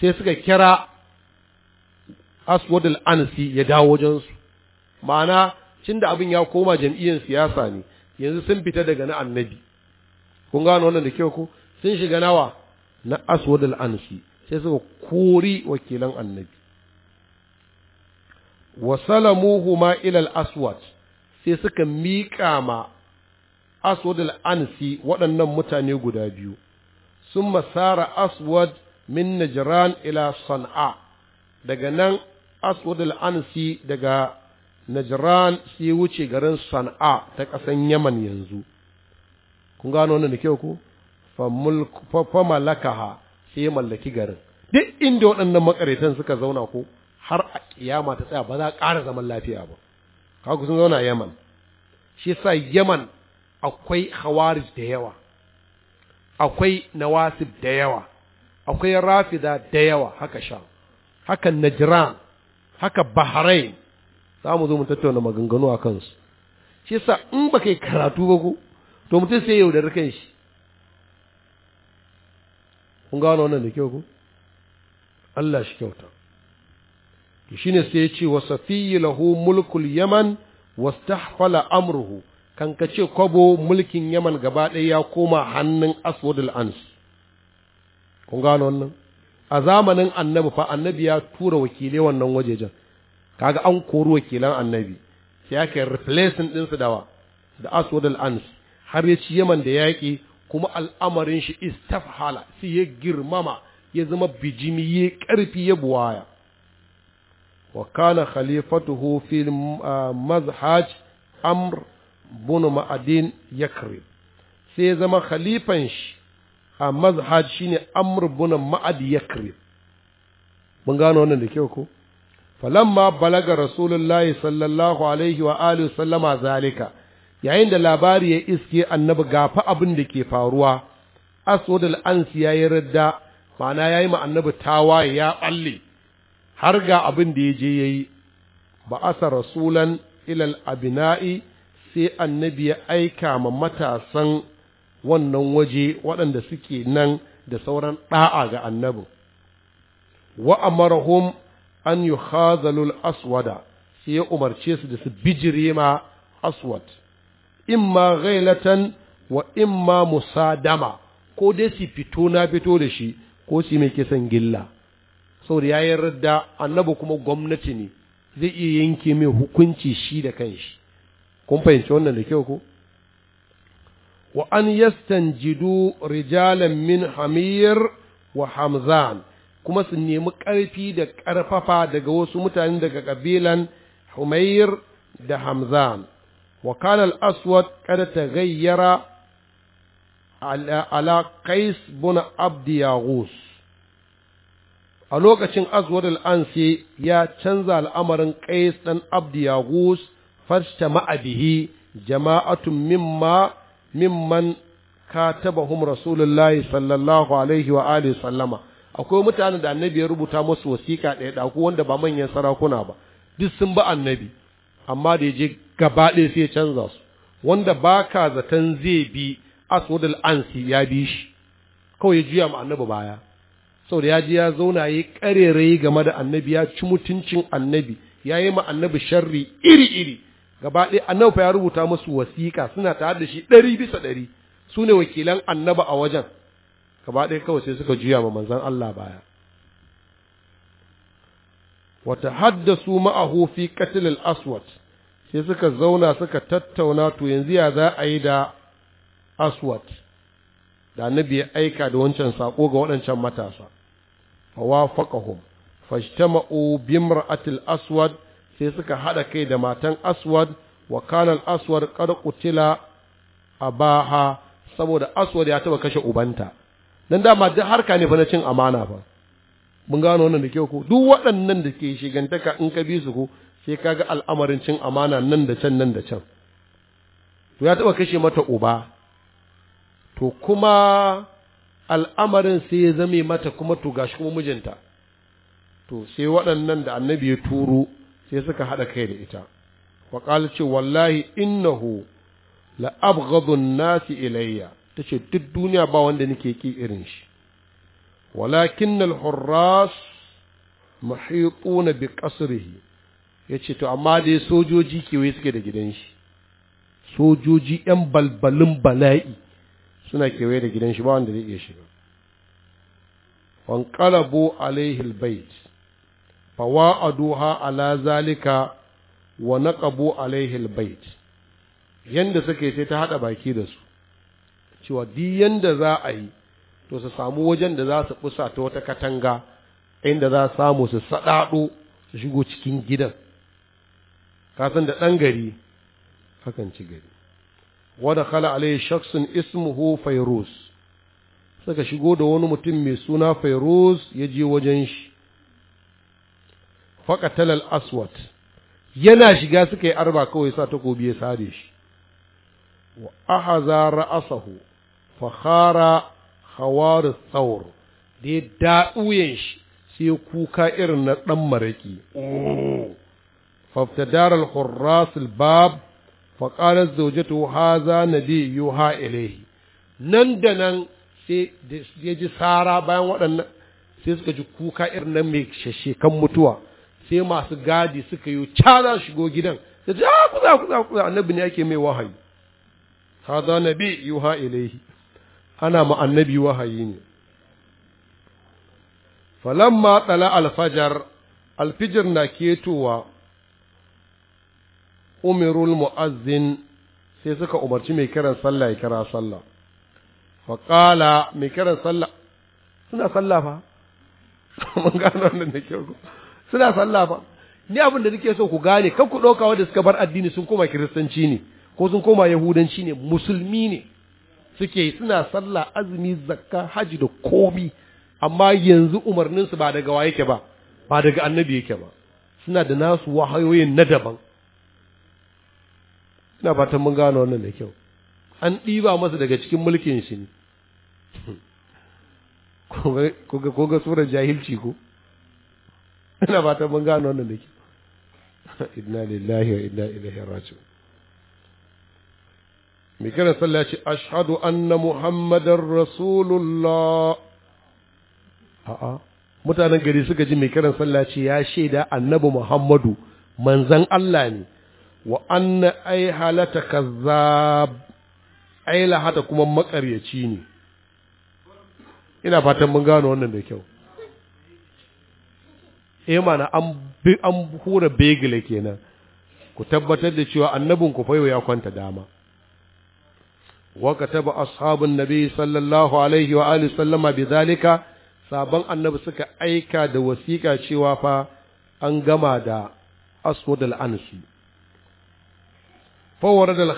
sai suka kira aswad al-ansi ya dawo wajensu ma'ana da abin ya koma jam'iyyar siyasa ne yanzu sun fita daga na annabi kun gano wannan da kyau ko sun shiga nawa na aswadul ansi sai suka kori wakilan annabi wa ma ila al-aswad sai suka miƙa ma aswad al-ansi waɗannan mutane guda biyu sun masara aswad min najran ila san'a daga nan aswad al-ansi daga najran sai wuce garin Sana'a ta ƙasan yaman yanzu kun gano wannan da kyau ko fa malakaha sai mallaki garin duk inda waɗannan makaretan suka zauna ko har a kiyama ta tsaya ba za a ƙara zaman lafiya ba kaga sun zauna yaman shi sa yaman akwai khawarij da yawa akwai nawasib da yawa akwai rafida da yawa haka sha haka najran haka bahrain za mu zo mu tattauna maganganu a kansu shi yasa in ba kai karatu ba ko to mutum sai yau da rikan shi kun gano wannan da kyau ko Allah shi kyauta to shine sai ya ce wa safiyyu lahu mulkul yaman wastahfala amruhu kan ka ce kwabo mulkin yaman gaba ɗaya ya koma hannun aswadul ans kun gano wannan a zamanin annabi fa annabi ya tura wakilai wannan wajejen kaga an kori wakilan annabi sai aka replacing ɗinsu dawa da aswad al-ans har ya ci yaman da yaƙi kuma al'amarin shi istafhala sai ya girmama ya zama bijimi ya ƙarfi ya buwaya wa kana khalifatuhu fi ah, mazhaj amr bin ma'adin yakrib sai zama khalifan shi a mazhaj shine amr bin ma'ad yakrib mun gano wannan da kyau ko Falan ma balaga rasulullahi sallallahu alaihi wa alihi sallama zalika yayin da labari ya iske annabi gafa abin da ke faruwa aswad al-ansi yayi radda ma'ana yayi ma annabi tawaye ya balle har ga abin da yaje yayi ba asa rasulan ilal abina'i sai annabi ya aika ma matasan wannan waje waɗanda suke nan da sauran ɗa'a ga annabi. wa amarahum an yi khazalul aswada sai ya umarce su da su bijire ma aswad imma ghailatan wa imma musadama ko dai su fito na fito da shi ko su mai kisan gilla saboda ya yi yarda annabi kuma gwamnati ne zai iya yanke mai hukunci shi da kan shi. kun fahimci wannan da kyau ko wa an yastanjidu rijalan min hamir wa hamzan kuma su nemi ƙarfi da ƙarfafa daga wasu mutane daga ƙabilan Humair da Hamza. Wa kana al-Aswad kada ta gayyara ala Qais bin Abdi Yaghus. A lokacin Aswad al-Ansi ya canza al'amarin Qais dan Abdi Yaghus fashta ma'abihi jama'atun mimma mimman katabahum Rasulullahi sallallahu alaihi wa alihi sallama. akwai mutanen da annabi ya rubuta musu wasiƙa ɗaya ɗaku wanda ba manyan sarakuna ba duk sun ba annabi amma da ya je gaba ɗaya sai ya canza su wanda ba ka zaton zai bi aswadul ansi ya bi shi kawai ya juya ma annabi baya saboda ya ji ya zauna ya yi ƙarerayi game da annabi ya ci mutuncin annabi ya yi ma annabi sharri iri-iri gaba ɗaya annabi fa ya rubuta musu wasiƙa suna tare da shi ɗari bisa ɗari su ne wakilan annabi a wajen gaba ɗaya kawai sai suka juya ma manzon Allah baya wata haddasu ma'ahu fi qatl al-aswad sai suka zauna suka tattauna to yanzu ya za a yi da aswad da nabi ya aika da wancan saƙo ga waɗancan matasa fawafaqahum fajtama'u bimra'atil aswad sai suka haɗa kai da matan aswad wa kana al aswad qad qutila abaha saboda aswad ya taɓa kashe ubanta dan dama duk harka ne fa na cin amana fa mun gano wannan da kyau ko duk waɗannan da ke shigantaka in ka bi su ko sai ga al'amarin cin amana nan da can nan da can to ya taɓa kashe mata uba to kuma al'amarin sai ya zame mata kuma to gashi kuma mijinta to sai waɗannan da annabi ya turo sai suka haɗa kai da ita wa ce wallahi innahu la abghadun nasi ilayya ta ce duk duniya ba wanda nake ki irin shi walakin al-hurras muhiquna bi qasrihi yace to amma dai sojoji kewaye suke da gidan shi sojoji yan balbalin bala'i suna kewaye da gidan shi ba wanda zai iya shiga wanqalabu alaihi albayt fawa'aduha ala zalika wa naqabu alaihi albayt yanda suke sai ta haɗa baki da su cewa duk yanda za a yi to su samu wajen da za su kusa ta wata katanga inda za samu su saɗaɗo su shigo cikin gidan kasan da ɗan gari hakan ci gari wada khala alai shaksun ismuhu fairuz suka shigo da wani mutum mai suna fairuz ya je wajen shi faƙatal aswat yana shiga suka yi arba kawai sa takobi ya sare shi wa ahaza ra'asahu fakhara hawaru tsaur da ya daɗuyen shi sai kuka irin na ɗan maraƙi فابتدار الحراس الباب فقالت زوجته هذا نبي يوحى إليه nan da nan sai ya ji sara bayan waɗannan sai suka ji kuka irin na mai shashekan mutuwa sai masu gadi suka yi cara shigo gidan sai ji ah kuza kuza kuza annabi ne ake mai wahayi hadha nabi yuha ilaihi ana ma annabi wahayi ne falamma tsala alfajar alfijir na ketowa umirul mu'azzin sai suka umarci mai kiran sallah ya kira sallah faƙala mai kiran sallah suna sallah fa mun gano wannan da kyau suna sallah fa ni abin da nake so ku gane kan ku ɗauka wanda suka bar addini sun koma kiristanci ne ko sun koma yahudanci ne musulmi ne suke suna sallah azumi zakka haji da komi amma yanzu umarninsu ba daga wa yake ba ba daga annabi yake ba suna da nasu wahayoyin na daban ina fatan mun gano wannan da kyau an ɗiba masa daga cikin mulkin shi ne Ko ga sura jahilci ko ina fatan mun gano wannan da kyau inna lillahi wa inna ilaihi raji'un mai kira sallah ce ashhadu anna Muhammadan rasulullah a'a mutanen gari suka ji mai kiran sallah ce ya shaida annabi muhammadu manzan Allah ne wa anna ai halata kazzab ai lahata kuma makaryaci ne ina fatan mun gano wannan da kyau eh mana an an hura begile kenan ku tabbatar da cewa annabin ku ya kwanta dama وكتب أصحاب النبي صلى الله عليه وآله وسلم بذلك sabon annabi suka aika da wasiƙa cewa fa an gama da aswad al-ansi fawar da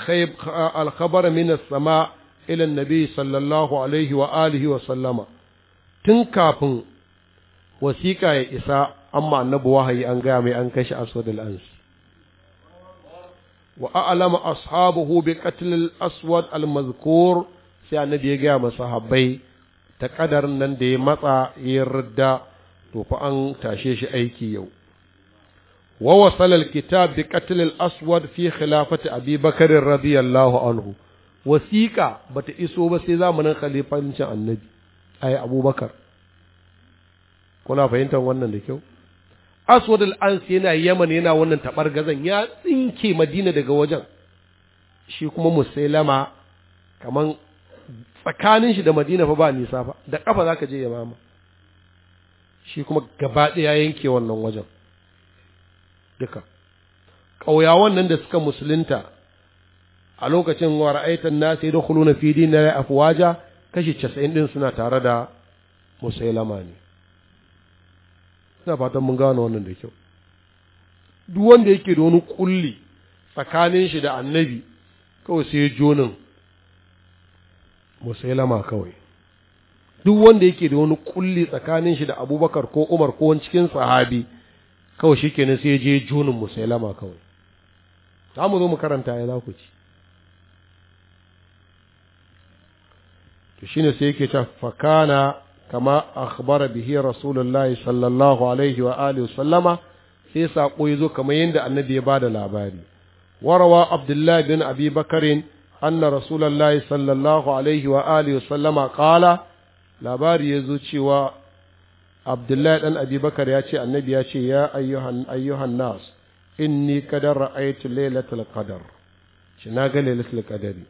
alkhabar min sama ila nabi sallallahu tun kafin wasiƙa ya isa amma wahayi an gaya mai an kashe aswad wa a'lama ashabahu bi qatl aswad al-mazkur sai annabi ya gaya masa sahabbai ta kadarin nan da ya matsa ya radda to fa an tashe shi aiki yau wa wasala al-kitab bi qatl aswad fi khilafati abi bakr radiyallahu anhu wasiqa bata iso ba sai zamanin khalifancin annabi ai abubakar kuna fahimtar wannan da kyau aswad al-ans yana yaman yana wannan gazan. ya tsinke madina daga wajen shi kuma musailama kaman tsakanin shi da madina fa ba nisa fa da kafa zaka je ya mama. shi kuma gaba ɗaya yanke wannan wajen duka kauya wannan da suka musulunta a lokacin wa ra'aitan nasi yadkhuluna fi dinillahi afwaja kashi 90 din suna tare da musailama ne ina fatan mun gano wannan da kyau duk wanda yake da wani kulli tsakanin shi da annabi kawai sai jonin musailama kawai duk wanda yake da wani kulli tsakanin shi da abubakar ko umar ko wani cikin sahabi kawai shi kenan sai je jonin musailama kawai za mu zo mu karanta ya za ku ci to shine sai yake ta fakana kama akhbara bihi rasulullahi sallallahu alaihi wa alihi sallama sai sako yazo kamar yadda annabi ya bada labari warawa abdullahi bin abi bakarin anna rasulullahi sallallahu alaihi wa alihi sallama qala labari yazo cewa abdullahi dan abi bakar ya ce annabi ya ce ya ayyuhan ayyuhan nas inni kadar ra'aytu lailatul qadar shi na ga lailatul qadari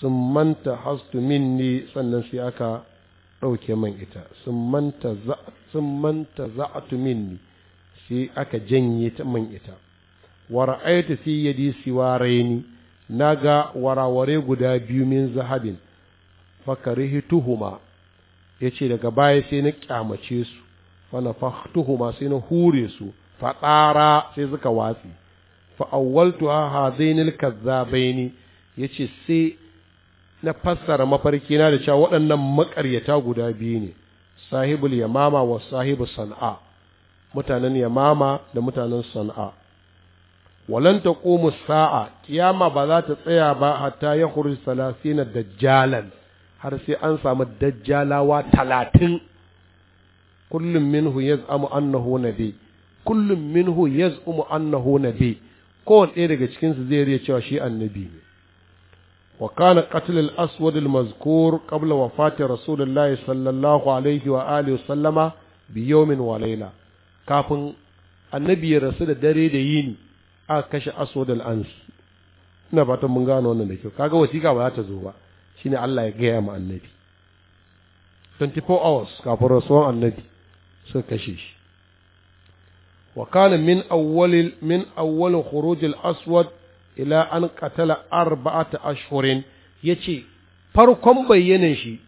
summan hastu minni sannan sai aka ɗauke man ita sun manta za'atu minni sai aka janye ta man ita wara aita fi yadi ni na ga waraware guda biyu min zahabin fakarihi tuhuma ya ce daga baya sai na kyamace su fana fahtuhuma sai na hure su faɗara sai suka watsi fa'awwaltu ha hadainil kazzabaini ya ce sai na fassara mafarki na da cewa waɗannan makaryata guda biyu ne sahibul yamama wa sahibu san'a mutanen yamama da mutanen san'a walan taqumu sa'a kiyama ba za ta tsaya ba hatta ya khuruj salasina dajjalan har sai an samu dajjalawa talatin kullum minhu yaz'amu annahu nabi kullum minhu yaz'amu annahu nabi kowanne daga cikinsu zai riya cewa shi annabi ne وكان قتل الأسود المذكور قبل وفاة رسول الله صلى الله عليه وآله وسلم بيوم وليلة كافن النبي رسول داري ديني أكش أسود الأنس ina fatan mun gano wannan da kyau kaga wasiƙa ba ta zo ba shine Allah ya gaya ma annabi 24 hours kafin rasuwan annabi suka kashe shi wa kana min awwal min aswad ila an katala arba'ata ashhurin yace farkon bayyanan shi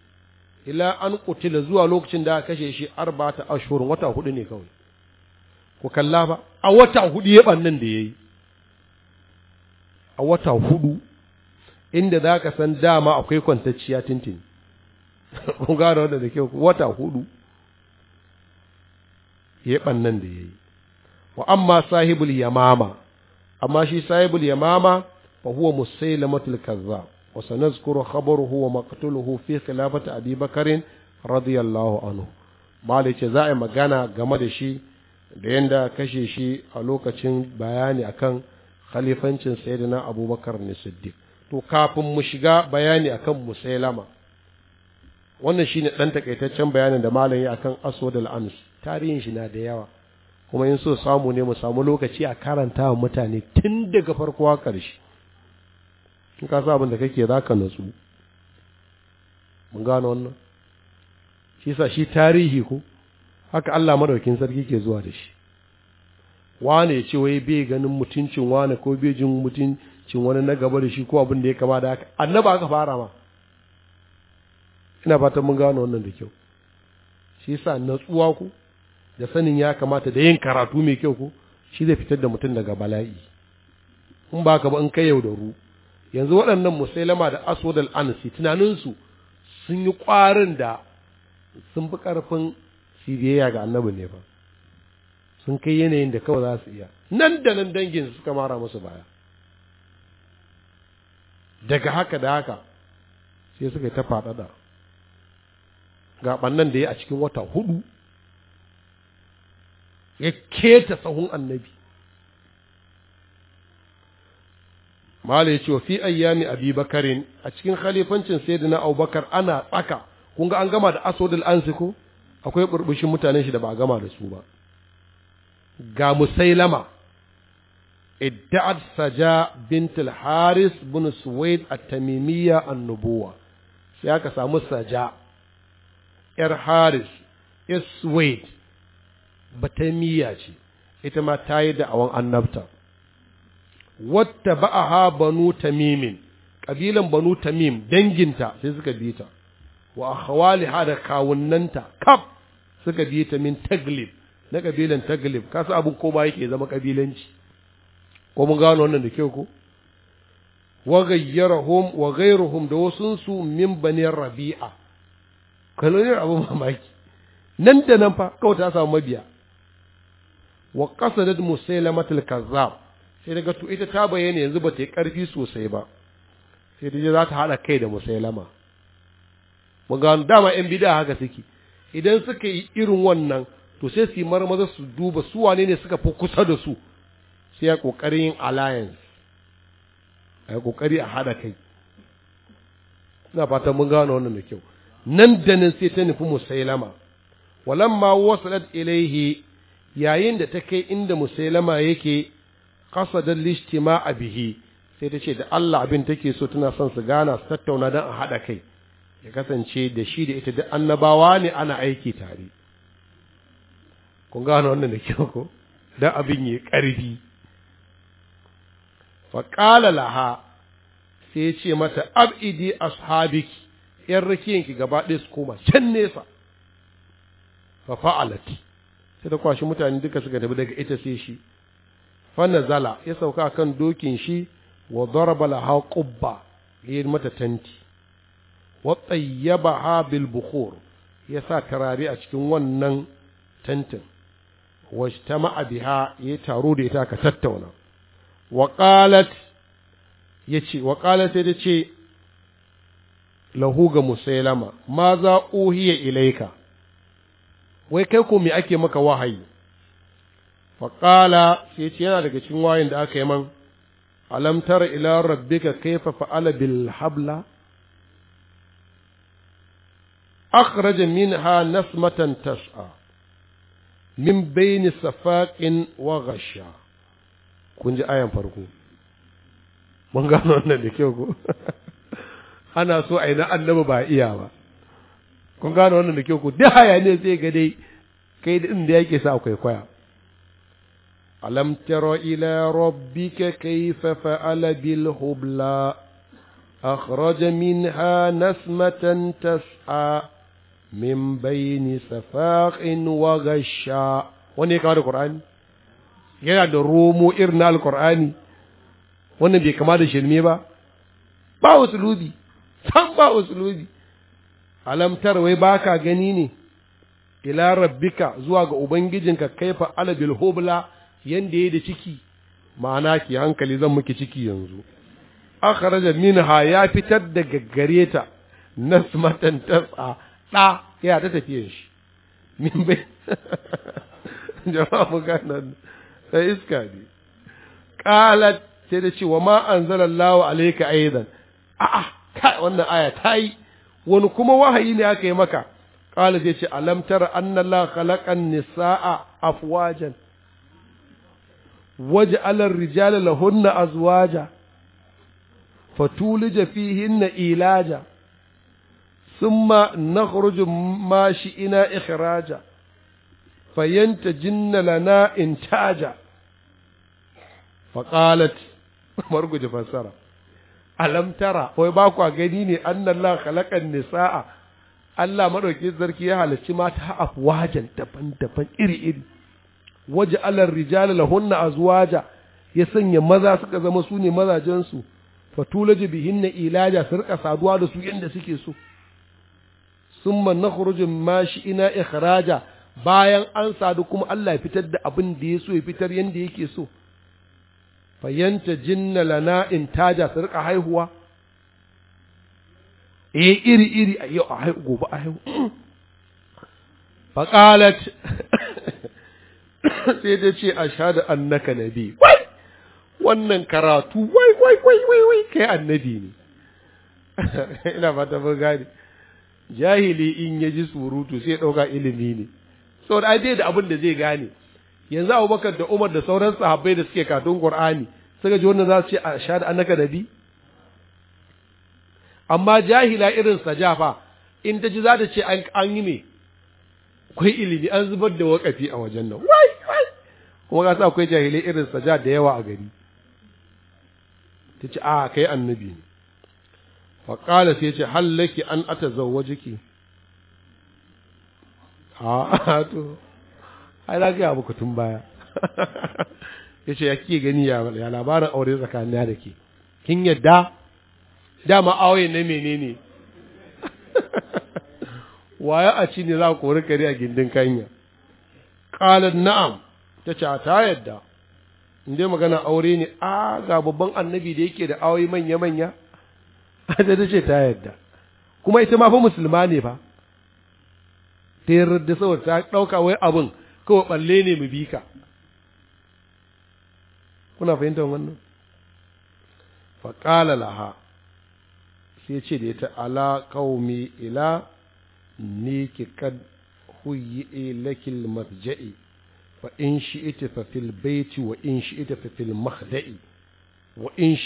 ila an kutila zuwa lokacin da aka kashe shi arba'ata ashhurin wata hudu ne kawai ku kalla ba a wata hudu ya bannan da yayi a wata hudu inda za ka san dama akwai kwantacciya tintin ku gano wanda da kyau wata hudu ya bannan da yayi wa amma sahibul yamama amma shi sahibul yamama fa huwa musailamatul kazzab wa sanazkuru khabaruhu wa maqtuluhu fi khilafati abi bakarin radiyallahu anhu mali ce za a yi magana game da shi da yanda kashe shi a lokacin bayani akan khalifancin sayyidina abubakar ne siddiq to kafin mu shiga bayani akan musailama wannan shine dan takaitaccen bayanin da malam ya akan aswadul al tarihin shi na da yawa kuma in so samu ne mu samu lokaci a karanta wa mutane tun daga farko a ƙarshe in ka sa abin da kake za ka natsu mun gano wannan shi sa shi tarihi ko haka Allah madaukin sarki ke zuwa da shi wane ya ce wai bai ganin mutuncin wane ko bai jin mutuncin wani na gaba da shi ko abin da ya kama da haka annaba aka fara ma ina fatan mun gano wannan da kyau shi sa natsuwa ku da sanin ya kamata da yin karatu mai kyau ko shi zai fitar da mutum daga bala'i in ba ka ba in kai ru yanzu waɗannan musailama da aswad al'ansi tunaninsu sun yi ƙwarin da sun fi ƙarfin siriyayya ga annabi ne ba sun kai yanayin da kawai za su iya nan da nan dangin suka mara musu baya daga haka da haka sai suka yi ta faɗaɗa ga ɓannan da ya a cikin wata hudu ya keta sahun annabi mala ya ce wa fi ayyami abi bakarin a cikin khalifancin sayyidina abubakar ana tsaka kun ga an gama da asodul ansiku akwai burbushin mutanen shi da ba a gama da su ba ga musailama idda'at saja bintul haris bin suwaid at-tamimiyya an sai aka samu saja yar haris is suwaid batamiya ce ita ma ta yi da'awan annabta wata ha banu tamimin ƙabilan banu tamim danginta sai suka bi ta wa akhawaliha da kawunnanta kaf suka bi ta min taglib na ƙabilan taglib kasu abin ko ba yake zama ƙabilanci ko mun gano wannan da kyau ko wa gayyarahum wa ghayruhum da wasunsu min bani rabi'a kalonin abu mamaki nan da nan fa kawai ta samu mabiya wa qasadat al kazzab sai daga to ita ta bayyana yanzu ba ta yi karfi sosai ba sai dai za ta hada kai da musailama mu ga dama yan bid'a haka suke idan suka yi irin wannan to sai su marmaza su duba su wane ne suka fi kusa da su sai ya kokarin yin alliance a yi kokari a hada kai ina fatan mun gano wannan da kyau nan da nan sai ta nufi musailama walamma wasalat ilaihi yayin da ta kai inda musailama yake lishtima a bihi sai ta ce da Allah abin take so tana son su gana su tattauna don a haɗa kai ya kasance da shi da ita duk annabawa ne ana aiki tare kun gano wannan da kyau ko don abin ya ƙarfi faƙala laha sai ya ce mata ab'idi ashabiki yan rakiyanki gaba ɗaya su koma can nesa fa fa'alati sai da kwashi mutane duka suka tafi daga ita sai shi fanna zala ya sauka kan dokin shi wa daraba laha qubba ya mata tanti wa ha bil bukhur ya sa tarabi a cikin wannan tantin wajtama'a biha ya taro da ita ka tattauna wa qalat yace wa qalat sai ta ce lahu ga musailama ma za uhiya ilaika wai kai ko me ake maka wahayi faƙala sai ce yana daga cikin wayin da aka yi man alam tara ila rabbika kayfa fa'ala bil habla akhraja minha nasmatan tas'a min bayni safaqin wa ghasha kun ji ayan farko mun gano wannan da kyau ko ana so a yi na annabi ba iya ba kun gane wannan da kyau ku duk hayaniya sai ga dai kai da inda yake sa akwai kwaya alam tara ila rabbika kayfa fa'ala bil hubla akhraj minha nasmatan tas'a min bayni safaqin wa ghasha Wani ka da qur'ani yana da romo irin alqur'ani wannan bai kama da shirme ba ba usulubi san ba usulubi alamtar wai baka gani ne ila rabbika zuwa ga ubangijinka kaifa alabil hubla yanda ya da ciki ma'ana ki hankali zan miki ciki yanzu akhraja minha ya fitar daga gareta nasmatan tas'a da ya ta tafiye shi min bai jawabu magana sai iska bi qalat sai da ce wa ma anzalallahu alayka aidan a'a wannan aya ta yi wani kuma wahayi ne aka yi maka ƙalif ya ce alamtar annala khalaqan nisa'a afwajan waje alar rijali lahunna azwaja fatulija fihinna ilaja summa nakhruju mashi ina ikhraja fayanta jinna lana intaja faqalat marguje fassara alamtara wai ba a gani ne nan khalaqan nisaa Allah madauki zarki ya halarci mata wajen daban-daban iri-iri waje alar rijal lahunna azwaja ya sanya maza suka zama su ne mazajen su fatulaji bihinna ilaja su rika saduwa da su yadda suke so summa nakhruju ma shi ina ikhraja bayan an sadu kuma Allah ya fitar da abin da ya so ya fitar yanda yake so fayyanta jinna lana in taja su rika haihuwa eh iri iri a yau a haihu gobe a haihu faƙalat sai ta ce a da annaka nabi wai wannan karatu wai wai wai wai wai kai annabi ne ina fata mun gane jahili in ya ji surutu sai ɗauka ilimi ne saboda ai bai da abin da zai gane yanzu abubakar da umar da sauran sahabbai da suke katun qur'ani suka ji wannan za su ce a sha da annaka nabi amma jahila irin sa-ja jafa in ta ji za ta ce an yi ne akwai ilimi an zubar da wakafi a wajen nan wai wai kuma ga sa akwai jahilai irin sa-ja da yawa a gari ta ce a kai annabi ne qala sai ce hallaki an ata a ah, to ai na gaya muku tun baya ya ce ya kike gani ya labarin aure tsakanin da ke kin yadda dama aure na menene waye a ci ne za ku kori kari a gindin kanya qalat na'am ta ce ta yadda in dai magana aure ne a ga babban annabi da yake da aure manya manya a ta ce ta yadda kuma ita ma fa musulma ne ba? ta yarda saboda ta ɗauka wai abin kawai balle ne mu bi ka kuna fahimtar wannan faƙala laha sai ce da ita ala qaumi ila ni ki kad huyi lakil marja'i fa in ita fa fil baiti wa in ita fa fil makhda'i wa in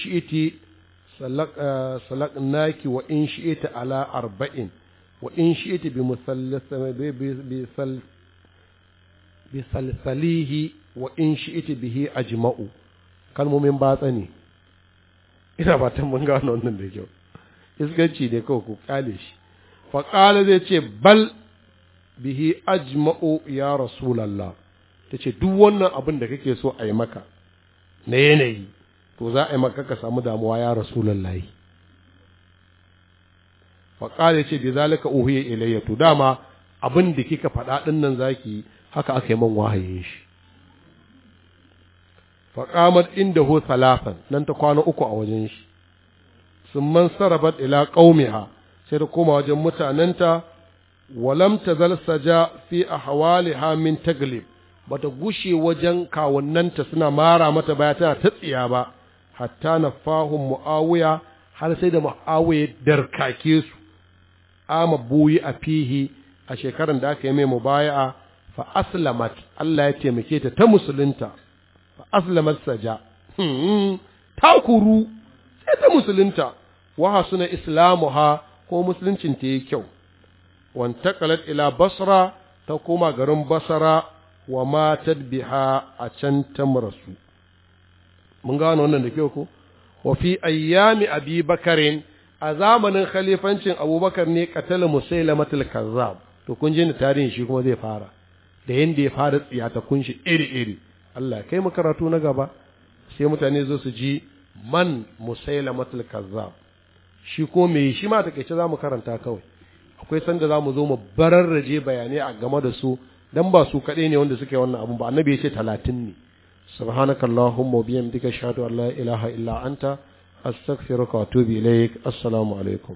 salak eh, naki, wa in ita ala arba'in wa in ita bi musallasa bi bi salsalihi wa in shi'ti bihi ajma'u kalmomin batsa ne ina fatan mun ga wannan da kyau isganci ne kawai ku kale shi fa qala zai ce bal bihi ajma'u ya rasulullah tace duk wannan abin da kake so a yi maka na yanayi to za a yi maka ka samu damuwa ya rasulullah fa qala yace bi zalika uhiya ilayya to dama abin da kika faɗa ɗin nan zaki haka aka yi man wahayin shi faƙamar inda ho salafan nan ta kwana uku a wajen shi sun man sarabat ila ƙaumiha sai da koma wajen mutanenta walam ta zalsaja fi a hawaliha min taglib ta gushe wajen kawunnanta suna mara mata baya tana ta tsiya ba hatta na fahun mu'awiya har sai da mu'awiya darkake su ama buyi a fihi a shekaran da aka yi mai mubaya'a fa aslamat Allah ya taimake ta ta musulunta fa aslamat saja hmm, ta kuru sai ta musulunta wa hasuna islamuha ko musuluncin ta yi kyau wantaqalat ila basra ta koma garin basra wa matat biha a can ta marasu mun gano wannan da kyau ko wa fi ayyami abi bakarin a zamanin khalifancin abubakar ne katala musailamatul kazzab to kun ji ni tarihin shi kuma zai fara da yadda ya fara tsiyatakun shi iri-iri Allah kai mu karatu na gaba sai mutane zo su ji man matul kazzab shi ko me shi ma takeice mu karanta kawai akwai sanda zamu zo mu bararraje bayanai a game da su dan ba su kadai ne wanda suke wannan abun ba annabi ya ce talatin ne subhanakallahumma wa bihamdika ashhadu an la ilaha illa anta astaghfiruka wa atubu ilaik assalamu alaikum